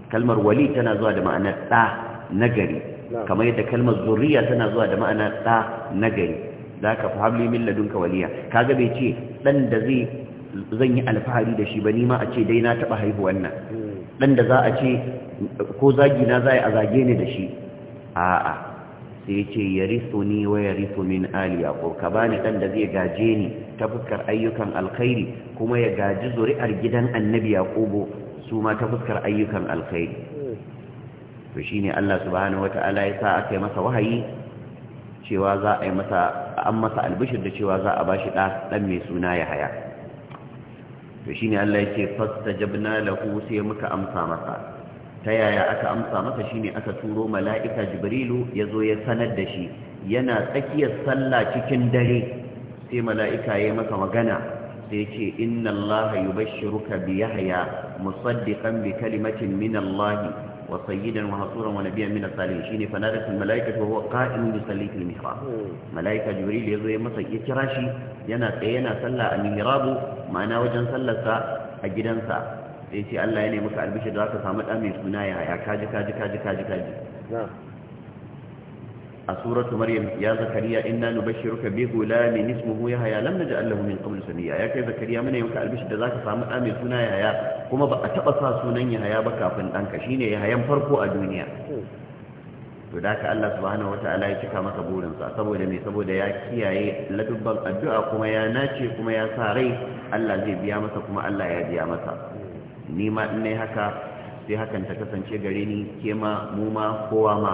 kalmar wali tana zuwa da ma'anar da nagari kamar yadda kalmar zuriya tana zuwa da ma'anar da nagari za ka fi habli kaga bai ce dan da zai zan yi alfahari da shi ba nima a ce dai na taba haihuwan nan dan hmm. da za a ce ko zagi na zai a zage ni da shi a'a sai ce yarisu ni wa yarisu min ali yaqub ka bani dan da zai gaje ni ta fuskar ayyukan alkhairi kuma ya gaji zuri'ar gidan annabi yaqubu su ma ta fuskar ayyukan alkhairi to shine Allah subhanahu wataala ya sa aka yi masa wahayi cewa za a yi masa an masa albishir da cewa za a bashi da dan mai suna ya haya to shine Allah yake fastajabna lahu sai muka amsa masa ta yaya aka amsa masa shi shine aka turo mala'ika jibrilu ya yazo ya sanar da shi yana tsakiyar sallah cikin dare sai mala'ika yayi masa magana sai yace inna allaha yubashshiruka bi yahya musaddikan bi kalimatin min allah wa sayyidan wa hasuran wa nabiyyan min salih shine fa nadat al mala'ika wa huwa qa'im bi salati al mihrab mala'ika jibril yazo ya masa ya kira shi yana tsaye yana sallah a mihrab ma'ana wajen sallarsa a gidansa sai ce Allah ya nemi ka albishi da ka samu ɗa mai suna ya haya kaji kaji kaji kaji kaji a suratu maryam ya zakariya inna nubashshiruka bi gulamin ismuhu yahya lam naj'al lahu min qabl samia ya kai zakariya muna yanka albishi da zaka samu da mai suna yahya kuma ba a taba sa sunan yahya ba kafin danka shine yahyan farko a duniya hmm. to da ka Allah subhanahu wataala ya cika masa burin sa saboda me saboda ya kiyaye ladubban addu'a kuma ya nace kuma ya sa rai Allah zai biya masa kuma Allah ya biya masa ni ma in nayi haka sai hakan ta kasance gare ni ke ma mu ma kowa ma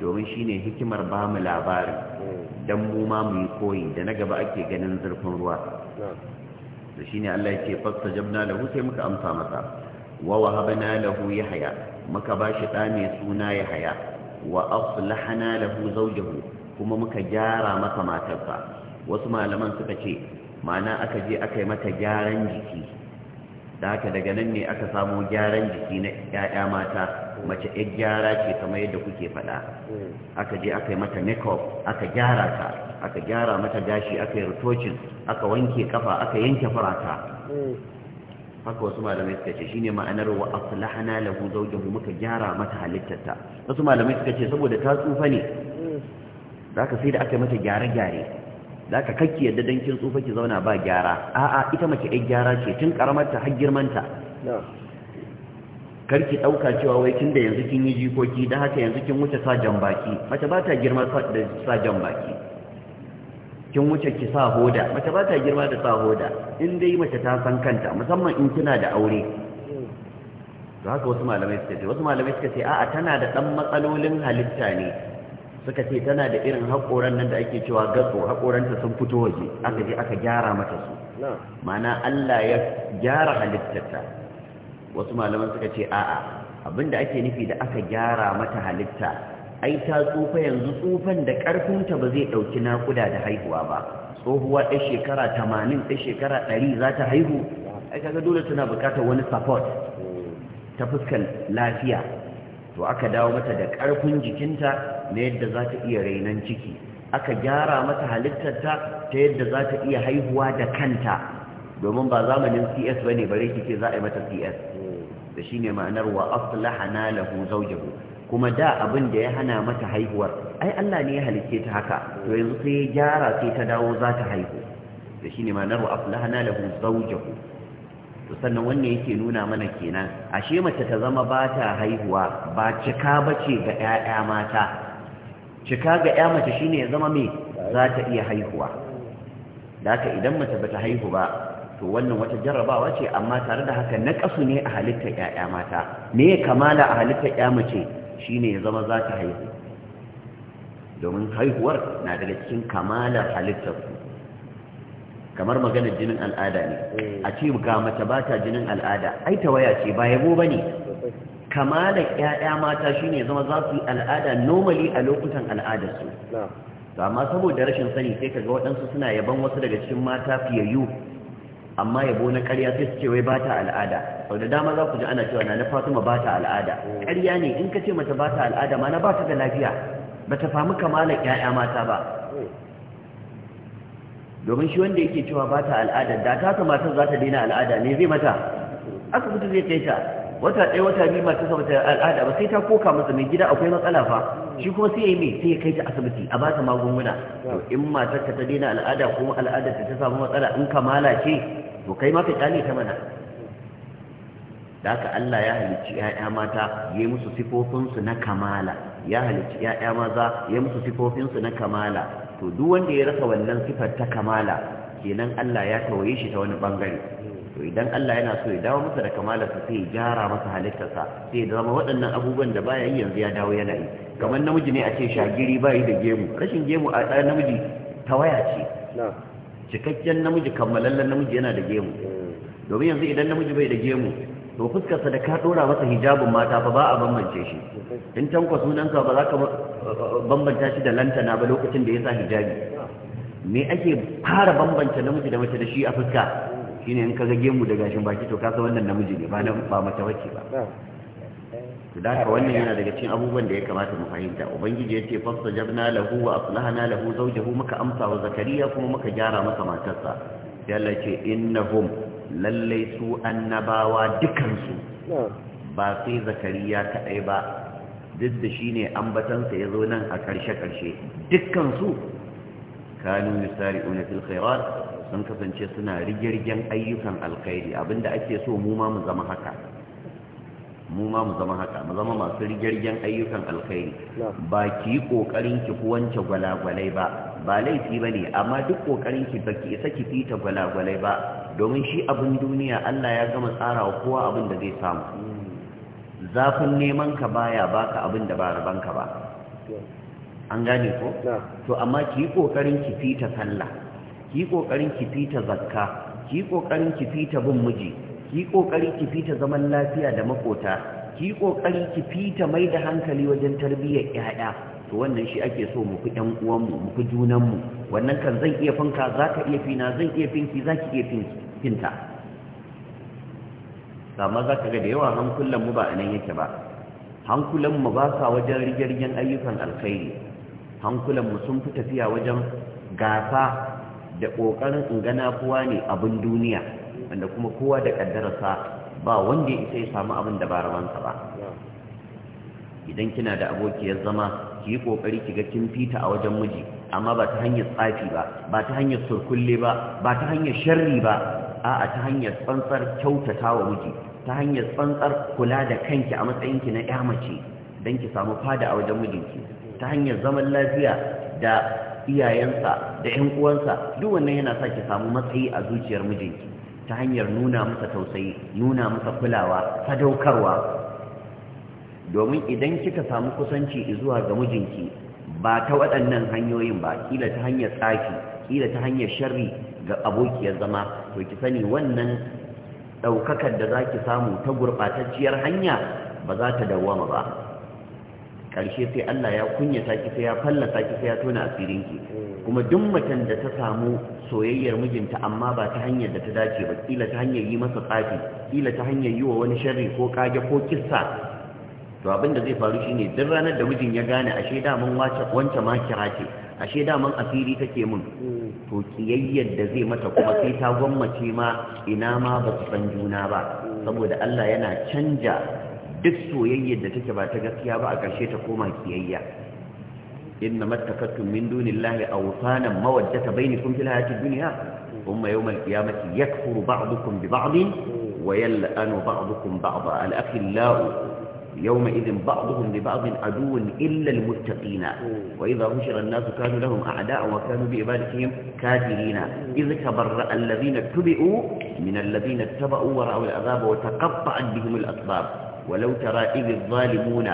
domin shine hikimar ba mu labari dan mu ma mu yi koyi da na gaba ake ganin zurfin ruwa da ne Allah yake fastajabna lahu sai muka amsa masa wa wahabna lahu haya muka bashi ɗa mai suna haya wa lahana lahu zawjahu kuma muka gyara masa matarsa wasu malaman suka ce ma'ana aka je aka yi mata gyaran jiki da haka daga nan ne aka samo gyaran jiki na ƴaƴa mata mace ƴar gyara ce kamar yadda kuke faɗa aka je aka yi mata makeup aka gyara ta aka gyara mata gashi aka yi rutocin aka wanke kafa aka yanke farata haka wasu malamai suka ce shine ma'anar wa aslahna lahu zawjahu muka gyara mata halittarta wasu malamai suka ce saboda ta tsufa ne zaka sai da aka yi mata gyare-gyare da ka kakki yadda dankin kin tsufa ki zauna ba gyara a'a ita mace ai gyara ce tun karamar ta har girman ta karki dauka cewa wai tunda yanzu kin yi jikoki da haka yanzu kin wuce sa jan baki mace ba ta girma da sa jan baki kin wuce ki sa hoda mace ba ta girma da sa hoda in dai mace ta san kanta musamman in kina da aure to haka wasu malamai suka ce wasu malamai suka ce a'a tana da dan matsalolin halitta ne suka ce tana da irin haƙoran nan da ake cewa gatso haƙoranta sun fito waje aka je aka gyara mata su mana Allah ya gyara halittarta wasu malaman suka ce a'a abinda ake nufi da aka gyara mata halitta ai ta tsufa yanzu tsufan da ƙarfinta ba zai ɗauki naƙuda da haihuwa ba tsohuwa ɗan shekara tamanin ɗan shekara ɗari za ta haihu ai kaga dole tana buƙatar wani support ta fuskar lafiya to aka dawo mata da ƙarfin jikinta na yadda za ta iya rainan ciki aka gyara mata halittarta ta yadda za ta iya haihuwa da kanta domin ba zamanin cs ba ne bare kike za a yi mata cs da shi ne ma'anar wa aslahana lahu zawjahu kuma da abin da ya hana mata haihuwar ai Allah ne ya halicce ta haka to yanzu sai ya gyara sai ta dawo za ta haihu da shi ne ma'anar wa aslahana lahu zawjahu to sannan wannan yake nuna mana kenan ashe mace ta zama ba ta haihuwa ba cika bace ga 'ya'ya mata cika ga ya mace shine ya zama mai za ta iya haihuwa da haka idan mace bata haihu ba to wannan wata jarrabawa ce amma tare da haka na kasu ne a halittar ƴaƴa mata me ya kamala a halittar ƴa mace shine ya zama za ta haihu domin haihuwar na daga cikin kamalar halittar kamar maganar jinin al'ada ne a ce ga mace ba ta jinin al'ada ai waya ce ba yabo bane kamalar ƴaƴa mata shine zama za su yi al'ada normally a lokutan al'adar su amma saboda rashin sani sai kaga waɗansu suna yaban wasu daga cikin mata fiyayyu amma yabo na ƙarya sai su ce wai ba al'ada sau da dama za ku ji ana cewa na na fatima ba al'ada hmm. ƙarya ne in ka ce mata ba al'ada ma na ba ta da lafiya ba ta famu kamalar ƴaƴa mata ba hmm. domin shi wanda yake cewa ba ta al'ada da ta kamata za ta daina al'ada ne zai mata hmm. asibiti zai kai ta wata ɗaya wata biyu masu sa al'ada ba sai ta koka masa mai gida akwai matsala fa shi kuma sai yayi mai sai ya kai ta asibiti a ba ta magunguna to in matar ka ta daina al'ada kuma al'ada ta ta samu matsala in kamala malace to kai ma ka kyale ta mana da haka Allah ya halicci ‘ya'ya mata ya yi musu sifofinsu na kamala ya halicci ‘ya'ya maza ya yi musu sifofinsu na kamala to duk wanda ya rasa wannan sifar ta kamala kenan Allah ya tawaye shi ta wani bangare to idan Allah yana so ya dawo masa da kamalarsa sai ya gyara masa halittarsa sai ya zama waɗannan abubuwan da baya yi yanzu ya dawo yana yi kamar namiji ne a ce shagiri bayi da gemu rashin gemu a ɗan namiji waya ce cikakken namiji kammalallen namiji yana da gemu domin yanzu idan namiji bai da gemu to fuskarsa da ka dora masa hijabin mata fa ba a bambance shi in tankwa sunanka ba za ka bambanta shi da lantana ba lokacin da ya sa hijabi me ake fara bambanta namiji da mace da shi a fuska shine in ka ga gemu da gashin baki to kasa wannan namiji ne ba na ba mace wacce ba to da wannan yana daga cikin abubuwan da ya kamata mu fahimta ubangiji yace fastajabna lahu wa aslahna lahu zawjahu muka amsa wa zakariya kuma muka gyara masa matarsa sai Allah ce innahum lallai su annabawa dukansu ba sai zakariya kadai ba duk da shine ambatansa zo nan a karshe karshe dukansu kanu una fil khairat sun kasance suna rigirgen ayyukan alkhairi abinda ake so mu ma mu zama haka mu ma mu zama haka mu zama masu rigirgen ayyukan alkhairi ba ki kokarin ki wance gwalagwalai ba ba laifi bane amma duk kokarin ki baki isa ki fita gwalagwalai ba domin shi abin duniya Allah ya gama tsarawa kowa abin da zai samu hmm. zafin neman ka baya baka abin da ba rabanka ba an gane ko to amma ki yi kokarin ki fita sallah ki yi kokarin ki fita zakka ki yi kokarin ki fita bin miji ki yi ki fita zaman lafiya da makota ki yi ki fita mai da hankali wajen tarbiyyar 'ya'ya, to wannan shi ake so mu fi ƴan uwanmu mu fi junanmu wannan kan zan iya finka za ka iya fina zan iya finki za ki iya finta amma za ka ga da yawa hankulan mu ba a nan yake ba hankulan mu ba sa wajen rigirgen ayyukan alkhairi hankulanmu sun fi tafiya wajen gasa da ƙoƙarin ingana kowa ne abin duniya wanda kuma kowa da ƙaddararsa ba wanda ya isa ya samu abin da ba ba idan kina da abokiyar zama ki yi ƙoƙari ki ga kin fita a wajen miji amma ba ta hanyar tsafi ba ba ta hanyar surkulle ba ba ta hanyar sharri ba a'a ta hanyar tsantsar kyautata wa miji ta hanyar tsantsar kula da kanki a matsayinki na ƴa mace don ki samu fada a wajen mijinki ta hanyar zaman lafiya da iyayensa da ƴan uwansa duk wannan yana sa ki samu matsayi a zuciyar mijinki ta hanyar nuna masa tausayi nuna masa kulawa sadaukarwa domin idan kika samu kusanci zuwa ga mijinki ba ta waɗannan hanyoyin ba kila ta hanyar tsaki kila ta hanyar sharri ga abokiyar zama to ki sani wannan ɗaukakar da za ki samu ta gurɓatacciyar hanya ba za ta dawwama ba karshe sai Allah ya kunyata ki sai ya fallasa ki sai ya tona asirin ki kuma duk macen da ta samu soyayyar mijinta amma ba ta hanyar da ta dace ba kila ta hanyar yi masa tsafi kila ta hanyar yi wa wani sharri ko kage ko kissa to abin da zai faru shine duk ranar da mijin ya gane ashe da mun wace wance ma kira ce ashe da mun asiri take mun to kiyayyar da zai mata kuma sai ta gwammace ma ina ma ba su san juna ba saboda Allah yana canja duk soyayyar da take ba ta gaskiya ba a ƙarshe ta koma kiyayya inna mattakattum min dunillahi awsanan mawaddata bainakum fil hayatid dunya umma yawm al-qiyamati yakfuru ba'dukum bi ba'd wa yal'anu ba'dukum ba'd al yawma idhin ba'd illa al wa idha hushira an nasu kanu lahum a'da'a wa kanu bi ibadatihim لهم idh tabarra alladhina tubi'u min alladhina الذين wa ra'u al اتبعوا wa taqatta'a bihim al asbab ولو ترى إذ الظالمون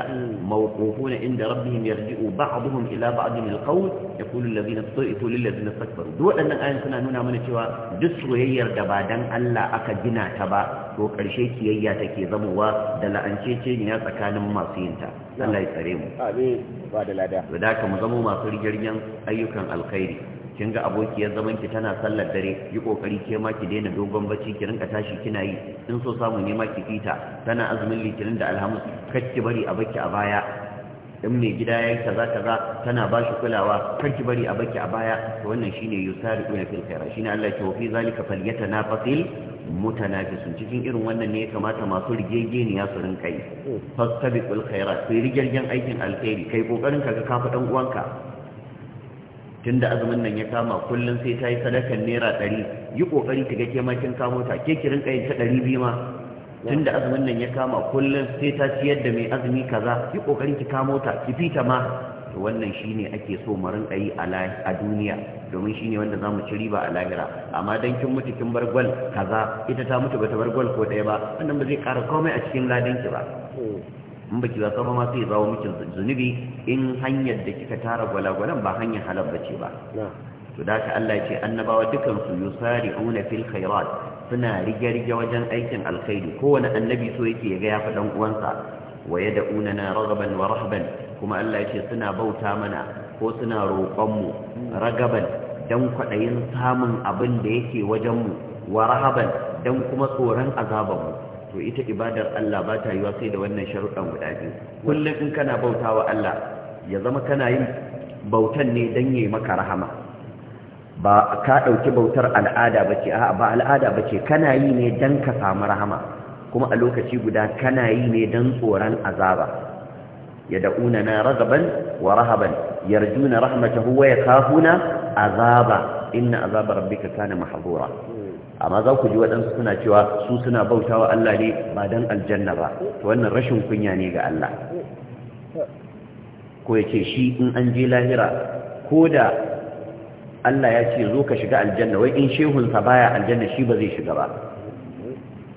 موقوفون عند ربهم uba بعضهم إلى بعض القول يقول الذين استضعفوا للذين استكبروا دو أن الآية سنة نونا من cewa duk soyayyar da ba dan Allah aka gina ta ba to karshe kiyayya take zamowa da la'ancece ne tsakanin masu yinta Allah ya tsare mu amin ba zamo masu ayyukan alkhairi kin ga abokiyar zaman ki tana sallar dare yi kokari ke ma ki daina dogon bacci ki rinka tashi kina yi in so samu ne ma ki fita tana azumin litinin da alhamis kar ki bari a baki a baya in mai gida yi kaza kaza tana ba shi kulawa ki bari a baki a baya to wannan shine yusariquna fil khaira shine Allah ke wafi zalika falyatanafasil mutanafisun cikin irin wannan ne ya kamata masu rigegeniya su rinka yi fastabiqul khairat kai rigegen aikin alkhairi kai kokarin ka ka kafa dan uwanka tun da azumin nan ya kama kullum sai ta yi sadakan naira ɗari yi ƙoƙari ta gake ma kin kamo ta ke kirin ƙayin ta ɗari biyu ma tun da azumin nan ya kama kullum sai ta ciyar da mai azumi kaza yi ƙoƙari ki kamo ta ki fita ma to wannan shine ake so mu rinƙa yi a duniya domin shine wanda za mu ci riba a lahira amma dan kin mutu kin bar gwal kaza ita ta mutu bata bar gwal ko ɗaya ba wannan ba zai ƙara komai a cikin ladan ki ba in baki wasa ba ma sai zawo miki zunubi in hanyar da kika tara gwalagwalan ba hanyar halal ce ba to da ka Allah ce annabawa dukan su yusari'una fil khairat suna rige-rige wajen aikin alkhairi kowane annabi so yake ya ga ya fi dan uwansa wa yad'una na ragaban wa rahban kuma Allah ce suna bauta mana ko suna roƙon mu ragaban dan kwadayin samun abin da yake wajen mu wa rahaban dan kuma tsoron azabanmu. mu to ita ibadar Allah ba ta yiwa sai da wannan sharuɗan guda biyu kullum in kana bauta wa Allah ya zama kana yin bautan ne don yi maka rahama ba ka ɗauki bautar al'ada ba ce ba al'ada ba ce kana yi ne don ka samu rahama kuma a lokaci guda kana yi ne don tsoron azaba ya da'una na ragaban wa rahaban yarjuna rahmatahu wa yakhafuna azaba inna azaba rabbika kana mahdura amma za ku ji waɗansu suna cewa su suna bautawa Allah ne ba dan aljanna ba to wannan rashin kunya ne ga Allah ko ya ce shi in an je lahira ko da Allah ya ce zo ka shiga aljanna wai in shehunsa baya aljanna shi ba zai shiga ba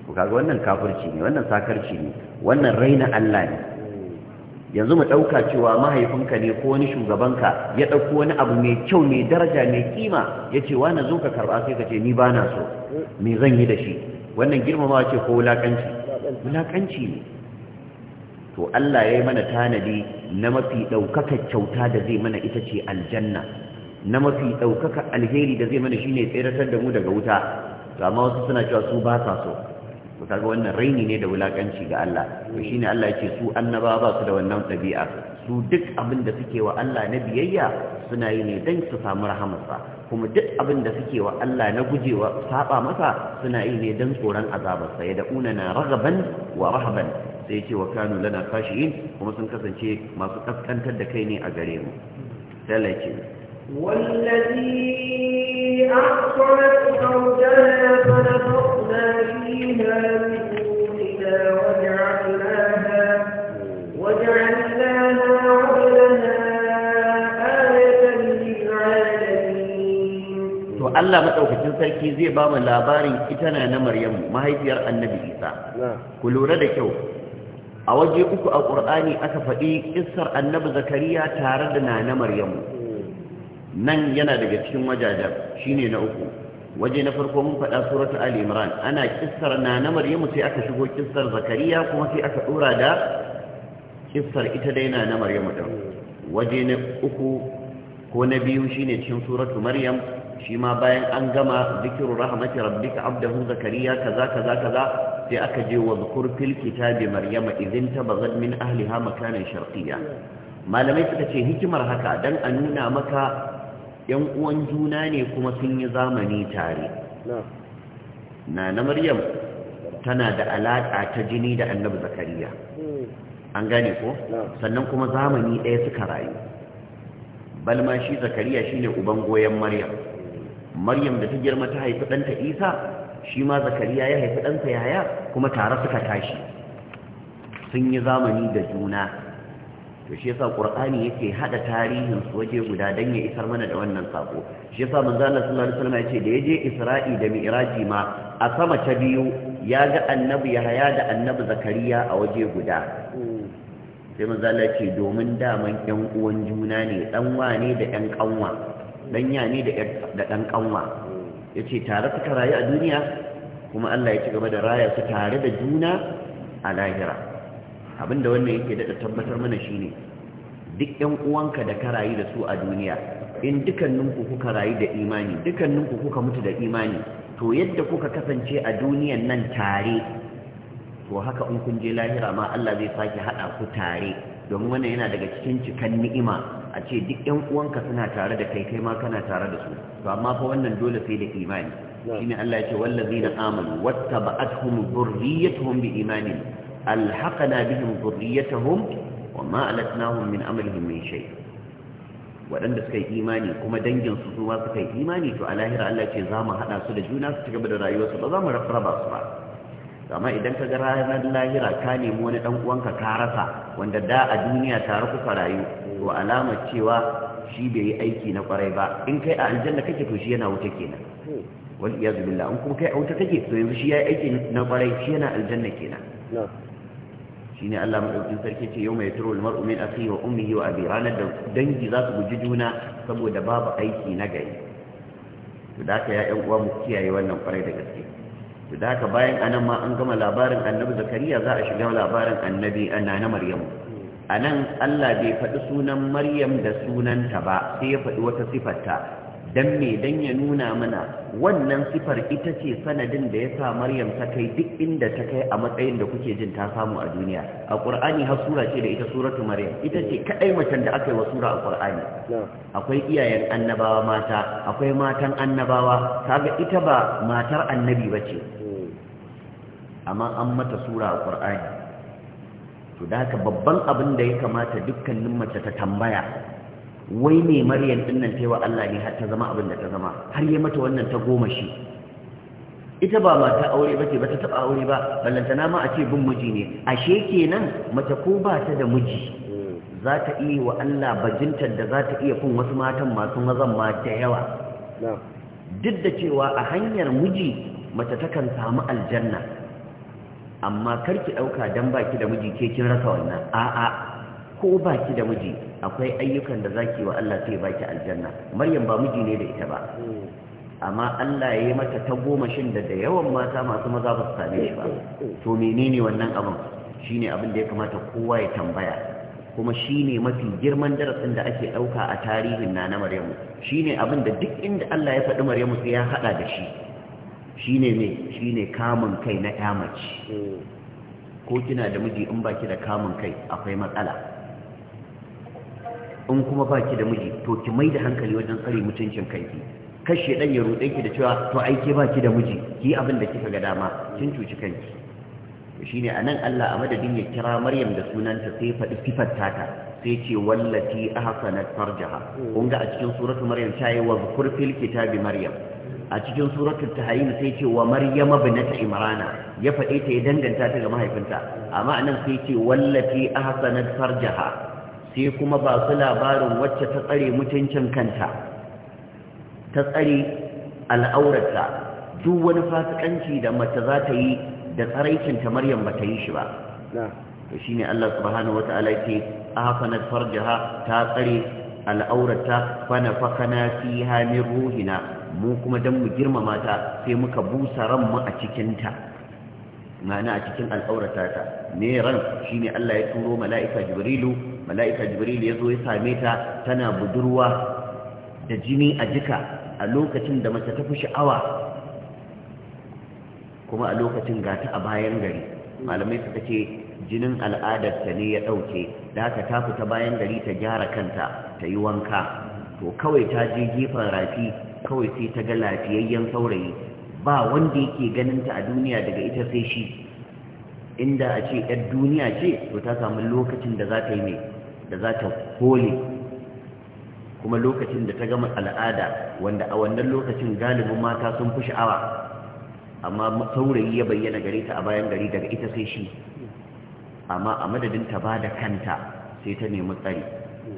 ku kaga wannan kafirci ne wannan sakarci ne wannan raina Allah ne yanzu mu ɗauka cewa mahaifinka ne ko wani shugabanka ya ɗauko wani abu mai kyau mai daraja mai kima ya ce wa na zo ka karɓa sai ka ce ni ba na so me zan yi da shi wannan girmamawa ce ko wulakanci wulakanci ne to Allah ya yi mana tanadi na mafi ɗaukaka kyauta da zai mana ita ce aljanna na mafi ɗaukaka alheri da zai mana shine tseratar da mu daga wuta to amma wasu suna cewa su ba sa so ku kaga wannan raini ne da wulakanci ga Allah to ne Allah yake su annaba ba su da wannan ɗabi'a su duk abin da suke wa Allah na biyayya suna yi ne don su samu rahamarsa kuma duk abin da suke wa Allah na gujewa saba masa suna yi ne don tsoron azabarsa ya da'una na ragaban wa rahaban sai ce wa kanu lana fashiyin kuma sun kasance masu kaskantar da kai ne a gare mu talace wallazi ahsanat zawjaha fa nafakhna fiha Allah madaukakin sarki zai ba mu labarin ita na na Maryamu mahaifiyar Annabi Isa ku lura da kyau a waje uku a Qur'ani aka faɗi kissar Annabi Zakariya tare da na Maryamu nan yana daga cikin wajajen shine na uku waje na farko mun faɗa suratu Ali Imran ana kissar na Maryamu sai aka shigo kissar Zakariya kuma sai aka dora da kissar ita dai na Maryamu din waje na uku ko na biyu shine cikin suratu Maryam shi ma bayan an gama zikiru rahmati rabbika abdahu zakariya kaza kaza kaza sai aka je wa zukur fil kitabi maryama idin tabazad min ahliha makanan sharqiyya malamai suka ce hikimar haka dan a nuna maka yan uwan juna ne kuma sun yi zamani tare na na maryam tana da alaka ta jini da annabi zakariya hmm. an gane ko sannan kuma zamani ɗaya suka rayu balma shi zakariya shine uban goyen maryam maryam da ta girma ta haifi ɗanta isa shi ma zakariya ya haifi ɗansa yaya kuma tare suka tashi sun yi zamani da juna to shi yasa qur'ani yake hada tarihin su waje guda dan ya isar mana da wannan sako shi yasa manzo Allah sallallahu alaihi wasallam yace da yaje Isra'i da Mi'raji ma a sama ta biyu ya ga annabi Yahaya da annabi Zakariya a waje guda sai manzo Allah yace domin daman 'yan uwan juna ne dan wane da ƴan kanwa danya ne da ɗan ƙanwa ya ce tare suka rayu a duniya kuma Allah ya ci gaba da raya su tare da juna a lahira abinda wannan yake daɗa tabbatar mana shine duk ƴan uwanka da ka rayu da su a duniya in dukanninku kuka rayu da imani dukanninku kuka mutu da imani to yadda kuka kasance a duniyan nan tare to haka in kun je lahira ma Allah zai sake haɗa ku tare domin wannan yana daga cikin cikan ni'ima a ce duk ɗan uwanka suna tare da kai kai ma kana tare da su to amma fa wannan dole sai da imani shine Allah ya ce wallazina amanu wattaba'atuhum dhurriyyatuhum biimanin alhaqna bihim dhurriyyatuhum wama alatnahum min amalihim min shay waɗanda suka yi imani kuma dangin su ma suka yi imani to a lahira Allah ce za mu haɗa su da juna su cigaba da rayuwarsu ba za mu raba su ba amma idan ka ga ranar lahira ka nemi wani ɗan uwanka ka rasa wanda da a duniya tare kuka rayu to alamar cewa shi bai yi aiki na kwarai ba in kai a aljanna kake to shi yana wuta kenan wal iyaz billah in kuma kai a wuta kake to yanzu shi yayi aiki na kwarai shi yana aljanna kenan shine Allah madaukakin sarki ce yau mai turo almar'u min akhihi wa ummihi wa abi ranar da dangi za su guji juna saboda babu aiki na gari to da ka ya uwa mu kiyaye wannan kwarai da gaske to da ka bayan anan ma an gama labarin annabi zakariya za a shiga labarin annabi anna na maryamu a nan Allah bai faɗi sunan Maryam da sunanta ba sai ya faɗi wata sifarta don me don ya nuna mana wannan sifar ita ce sanadin da ya sa Maryam ta kai duk inda ta kai a matsayin da kuke jin ta samu a duniya a ƙur'ani har sura ce da ita suratu Maryam ita ce kaɗai macen da aka yi wa sura a ƙur'ani akwai iyayen annabawa mata akwai matan annabawa kaga ita ba matar annabi ba ce hmm. amma an mata sura a ƙur'ani to da haka babban abin da ya kamata dukkanin mace ta tambaya wai ne maryam din nan taiwa Allah ne har ta zama abin da ta zama har yi mata wannan ta goma shi ita ba mata aure ba ce ba ta taba aure ba ballantana ma a ce bin miji ne ashe kenan mace ko ba ta da miji za ta iya wa Allah bajintar da za ta iya kun wasu matan masu mazan ma da yawa duk da cewa a hanyar miji mace takan samu aljanna amma kar ki ɗauka don baki da miji ke kin rasa wannan a'a ko baki da miji akwai ayyukan da zaki wa Allah sai baki aljanna maryam ba miji ne da ita ba amma Allah ya yi mata ta goma shin da da yawan mata masu maza ba su same shi ba to menene wannan abin shine abin da ya kamata kowa ya tambaya kuma shine mafi girman darasin da ake ɗauka a tarihin na na Maryamu shine abin da duk inda Allah ya faɗi Maryamu sai ya haɗa da shi Shi ne ne kamun kai na ya mace hmm. ko kina da miji in baki da kamun kai akwai matsala in kuma baki da miji to ki mai da hankali wajen tsare mutuncin kanki kashe ɗan ya rude ki da cewa to ai ke baki da miji ki abin da kika ga dama kin cuci kanki ne anan Allah a madadin ya kira Maryam da sunanta sai faɗi sifar taka sai ce wallati ahsanat farjaha hmm. kun ga a cikin suratu Maryam ta yi wa zkur fil kitabi Maryam a cikin suratul tahrim sai ce wa maryama binta imrana ya fade ta ya danganta ta ga mahaifinta amma anan sai ce wallati ahsanat farjaha sai kuma ba su labarin wacce ta tsare mutuncin kanta ta tsare al'aurata duk wani fasikanci da mace za ta yi da tsaraicin ta maryam ba ta yi shi ba to shine Allah subhanahu wataala yake ahsanat farjaha ta tsare al'aurata fa nafakana fiha min ruhina mu kuma don mu girmama ta sai muka busa ranmu a cikinta mana a cikin al'aurata ta me ran shine Allah ya turo mala'ika jibrilu mala'ika jibrilu ya zo ya same ta tana budurwa da jini a jika a lokacin da mace ta fi sha'awa kuma a lokacin gata a bayan gari malamai suka ce jinin al'adarta ne ya ɗauke da haka ta fita bayan gari ta gyara kanta ta yi wanka to kawai ta je gefen rafi kawai sai ta ga lafiyayyen saurayi ba wanda yake ganinta a duniya daga ita sai shi inda a ce ‘yar duniya ce to ta samu lokacin da za ta yi mai da za ta kole kuma lokacin da ta gama al'ada wanda a wannan lokacin galibin mata sun fi sha'awa amma saurayi ya bayyana gare ta a bayan gari daga ita sai shi amma a madadin ta ba da kanta sai ta nemi tsari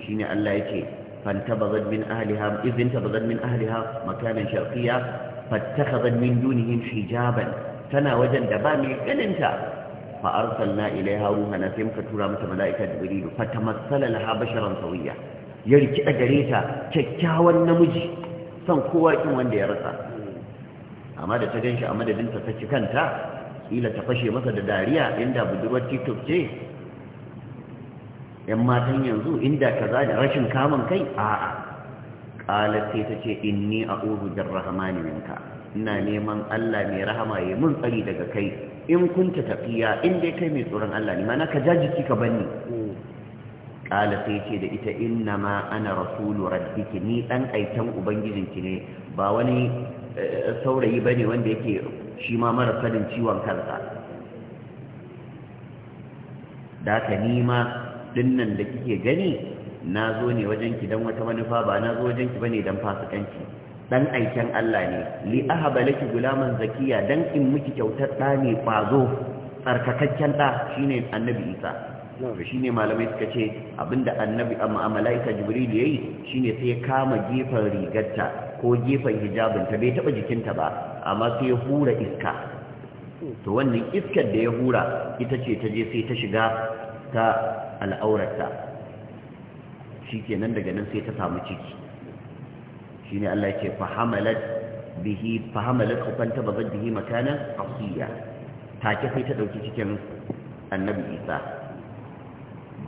shine Allah yake فانتبذت من أهلها إذ انتبذت من أهلها مكانا شرقيا فاتخذت من دونهم حجابا تنا وجن دبامي قلنتا فأرسلنا إليها روحنا سيمك ترامة ملائكة جبريل فتمثل لها بشرا سويا يرجع قريتا ككاوى النمجي سنقوى إيوان ديرتا أما دا تجنش أما دا بنت تشكنتا إلى تفشي مصد داريا عند بدروة تيتوب تيه yan matan yanzu inda kaza da rashin kamun kai a'a qalat sai tace inni a'udhu birrahmani minka ina neman Allah mai rahama ya mun tsari daga kai in kunta tafiya, in dai kai mai tsoron Allah ne mana ka jajiki ka banni qala sai ce da ita inna ma ana rasulu rabbiki ni dan aitan ubangijinki ne ba wani eh, saurayi ba ne wanda yake shi ma mara sanin ciwon kansa da ka nima dinnan da kike gani na zo ne wajen ki dan wata manufa ba na zo wajen ki bane dan fasikanci dan aikin Allah ne li ahaba laki gulaman zakiya dan in miki kyautar da ne kwazo tsarkakakken da shine annabi Isa to shine malamai suka ce abinda annabi amma malaika jibril yayi shine sai ya kama gefen rigarta ko gefen ta. bai taba jikinta ba amma sai ya hura iska to wannan iskar da ya hura ita ce ta je sai ta shiga ta al'aurata shi nan daga nan sai ta samu ciki shi ne Allah ce fahamalat bihi fahamalat kufanta bazar bihi makanan asiya take sai ta ɗauki cikin annabi isa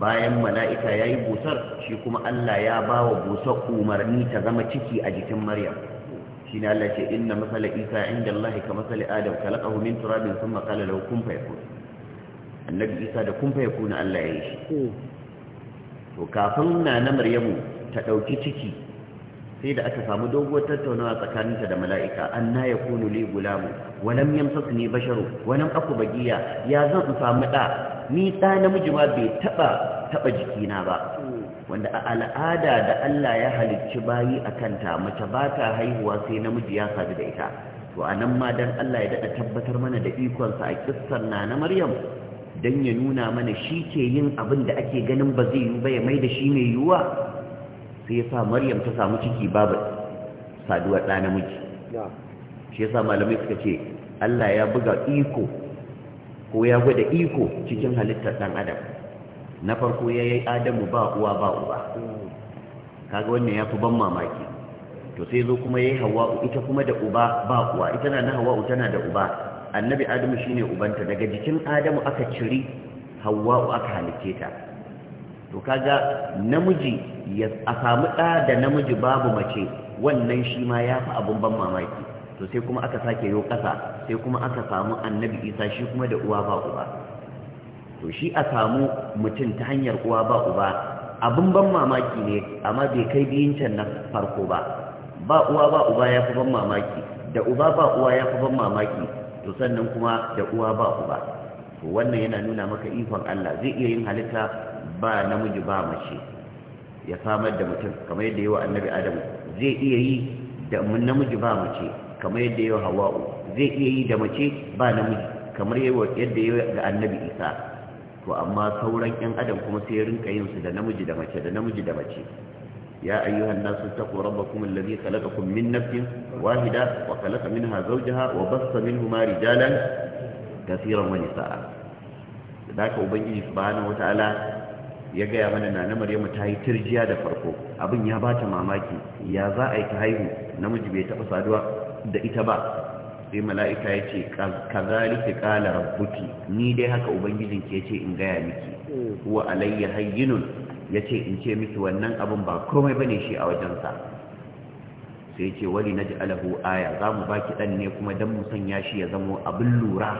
bayan mala'ika ya yi busar shi kuma Allah ya ba wa busar umarni ta zama ciki a jikin maryam shi ne Allah ce inna matsala isa inda Allah ka masala adam kalakahu min turabin sun makala lau kun faifus annabi isa da kun fa yakuna Allah ya yi shi hmm. to kafin nana maryamu ta dauki ciki sai da aka samu doguwar tattaunawa tsakaninta da mala'ika anna yakunu li gulamu wa lam yamsasni basharu wa lam aku bagiya ya zan samu da ni da namiji ma bai taba taba na ba hmm. wanda a al'ada da Allah ya halicci bayi a kanta mace ba ta haihuwa sai namiji ya sadu da ita to a nan ma dan Allah ya daɗa tabbatar mana da ikonsa a kissar na na Maryam don ya nuna mana shi ke yin abin da ake ganin ba zai yi ba ya mai da shi mai yiwuwa sai ya sa maryam ta samu ciki babu saduwa ɗa namiji shi ya sa malamai suka ce allah ya buga iko ko ya gwada iko cikin halittar ɗan adam na farko ya yi adamu ba uwa ba uba kaga wannan ya fi ban mamaki to sai zo kuma ya yi hawa'u ita kuma da uba ba uwa ita na na hawa'u tana da uba annabi adamu shine ubanta daga jikin adamu aka ciri hawwa'u aka halicce ta to kaga namiji ya a samu ɗa da namiji babu mace wannan shi ma ya fi abin ban mamaki to sai kuma aka sake yo kasa sai kuma aka samu annabi isa shi kuma da uwa ba uba to shi a samu mutum ta hanyar uwa ba uba abin ban mamaki ne amma bai kai biyincan can na farko ba ba uwa ba uba ya fi ban mamaki da uba ba uwa ya fi ban mamaki to sannan kuma da uwa ba ku ba, to wannan yana nuna maka ikon Allah zai iya yin halitta ba namiji ba mace ya samar da mutum kamar yadda yawa annabi adamu zai iya yi da namiji ba mace kamar yadda yawa hawa'u zai iya yi da mace ba namiji kamar yadda yawa ga annabi isa to amma sauran 'yan adam kuma sai rinka yin su da namiji da mace da namiji da mace يا أيها الناس اتقوا ربكم الذي خلقكم من نفس واحدة وخلق منها زوجها وبث منهما رجالا كثيرا ونساء ذاك أبنجي سبحانه وتعالى ya gaya mana na mu ta yi jiya da farko abin ya bata mamaki ya za a yi ta haihu namiji bai taɓa saduwa da ita ba sai mala'ika ya ce kazalika qala ni dai haka Ubangijin ya ce in gaya miki Wa alayya hayyinun ya ce in ce miki wannan abin ba komai ba ne shi a wajensa sai ce wali na alahu aya za mu baki ɗan ne kuma don mu sanya shi ya zamo abin lura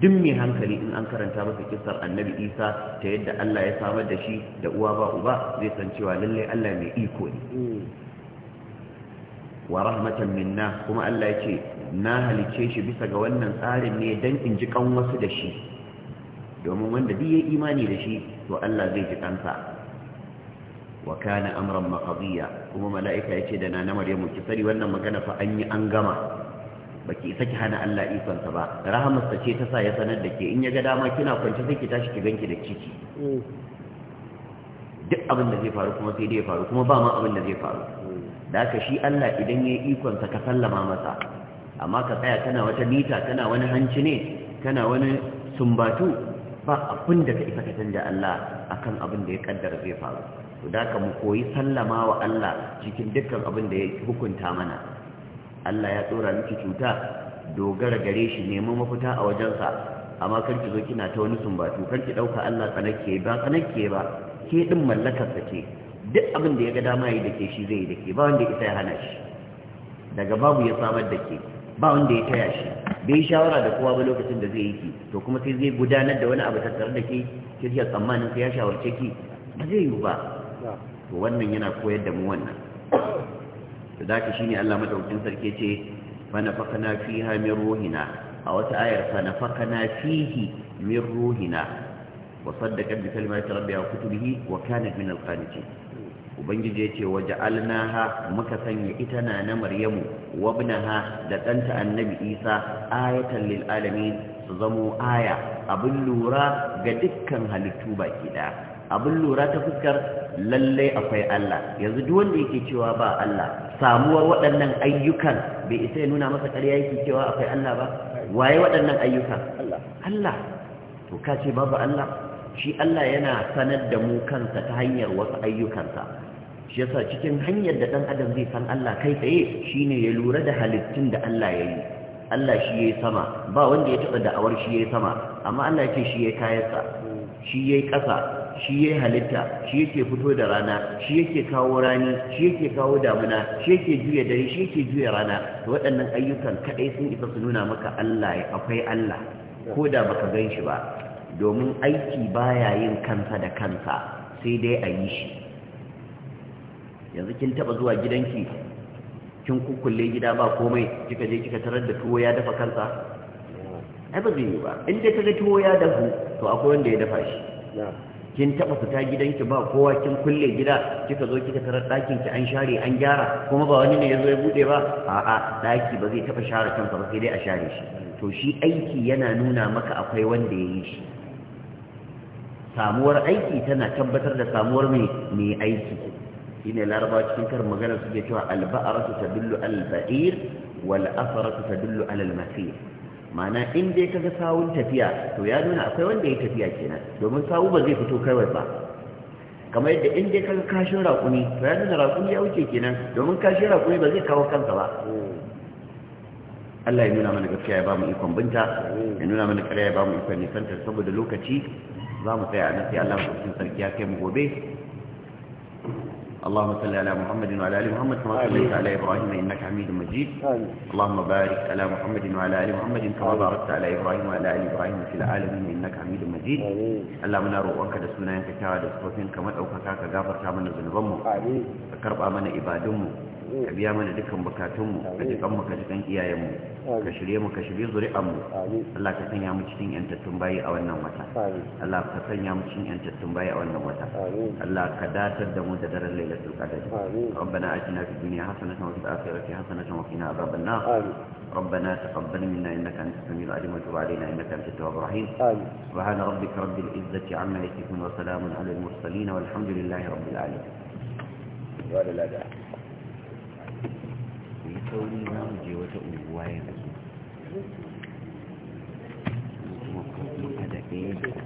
duk mai hankali in an karanta masa kisar annabi isa ta yadda allah ya samar da shi da uwa ba uba zai san cewa lallai allah mai iko ne wa rahmatan minna kuma allah ya ce na halice shi bisa ga wannan tsarin ne don in ji kan wasu da shi domin wanda duk ya imani da shi to Allah zai ji ɗansa wa kana amran maqdiya kuma mala'ika yace da nana Maryamu ki sani wannan magana fa an yi an gama baki isa ki hana Allah ikon ba. ba ta ce ta sa ya sanar da ke in ya ga dama kina kwance sai ki tashi ki ganki da ciki mm. duk abin da zai faru kuma sai dai ya faru kuma ba ma abin da zai faru mm. da haka shi Allah idan ya yi ikon sa ka sallama masa amma ka tsaya kana wata nita kana wani hanci ne kana wani sumbatu ba abin da ka isa ka canja Allah akan abin da ya kaddara zai faru to da ka mu koyi sallama wa Allah cikin dukkan abin da ya hukunta mana Allah ya tsora miki cuta dogara gare shi neman mafita a wajensa amma kan ki zo kina ta wani sumbatu Kan ki dauka Allah tsanake ba tsanake ba ke din mallakar sa ke duk abin da ya ga dama yi da ke shi zai yi da ke ba wanda ya isa hana shi daga babu ya samar da ke ba wanda ya taya shi bai shawara da kowa ba lokacin da zai yi ki to kuma sai zai gudanar da wani abu tattare da ke ki riya tsammanin sai ya shawarce ki ba zai yi ba to wannan yana koyar da mu wannan to da ka shine Allah madaukakin sarki ce fa fi ha min ruhina a wata ayar fa nafakana fihi min ruhina wa saddaqat bi kalimati rabbiha wa kutubihi wa kanat min al-qanitin ubangiji ya ce waje alnaha muka sanya ita na na maryamu wabnaha da ɗanta annabi isa ayatan lil alamin su zamo aya abin lura ga dukkan halittu baki ɗaya abin lura ta fuskar lallai akwai Allah yanzu duk wanda yake cewa ba Allah samuwar waɗannan ayyukan bai isa ya nuna masa ƙarya yake cewa akwai Allah ba waye waɗannan ayyukan Allah to ka ce babu Allah shi Allah yana sanar da mu kansa ta hanyar wasu ayyukansa shi yasa cikin hanyar da dan adam zai san Allah kai tsaye shine ya lura da halittun da Allah ya yi Allah shi yayi sama ba wanda ya taba da'awar shi yayi sama amma Allah yake shi yayi kayansa shi yayi kasa shi yayi halitta shi yake fito da rana shi yake kawo rani shi yake kawo damuna shi yake juya dare shi yake juya rana to waɗannan ayyukan kadai sun isa su nuna maka Allah akwai Allah ko da baka gan shi ba domin aiki baya yin kansa da kansa sai dai a yi shi yanzu kin taba zuwa gidanki kin kukulle gida ba komai kika je kika tarar da tuwo ya dafa kansa ai ba zai yi ba in dai kaga tuwo ya dafu to akwai wanda ya dafa shi kin taba fita gidanki ba kowa kin kulle gida kika zo kika tarar ɗakin ki an share an gyara kuma ba wani ne yazo ya bude ba a'a ɗaki ba zai taba share kansa ba sai dai a share shi to shi aiki yana nuna maka akwai wanda ya yi shi samuwar aiki tana tabbatar da samuwar mai aiki shine laraba cikin karin magana suke cewa alba'aratu tadullu alal ba'ir wal asratu tadullu alal masir ma'ana in dai kaga sawun tafiya to ya nuna akwai wanda ya tafiya kenan domin sawu ba zai fito kawai ba kamar yadda in dai kaga kashin raƙuni, to ya nuna raƙuni ya wuce kenan domin kashin raƙuni ba zai kawo kansa ba Allah ya nuna mana gaskiya ya ba mu ikon binta ya nuna mana ƙarya ya ba mu ikon nisantar saboda lokaci za mu tsaya a nan sai Allah mu sarki ya kai mu gobe اللهم صل على محمد وعلى ال محمد كما صليت على ابراهيم انك حميد مجيد آمين. اللهم بارك على محمد وعلى ال محمد كما باركت على ابراهيم وعلى ال ابراهيم في العالمين انك حميد مجيد اللهم نرى وانك da sunayenka kyawa da tsofin kamar daukaka ka gafarta mana zunubanmu ka karba mana ibadunmu ka biya mana dukkan bukatunmu ka jikan mu ka jikan iyayenmu ka shirye mu ka shirye zuri'anmu Allah ka sanya mu cikin 'yan tattun bayi a wannan wata Allah ka sanya mu cikin 'yan tattun bayi a wannan wata Allah ka datar da mu da daren lailatul qadr rabbana atina fid dunya hasanatan wa fil akhirati hasanatan wa qina adhaban nar ربنا تقبل منا انك انت السميع العليم وتب علينا انك انت التواب الرحيم سبحان ربك رب العزه عما يصفون وسلام على المرسلين والحمد لله رب العالمين ولا لا sauri za mu je wata unguwa yanzu kuma kuma ɗaya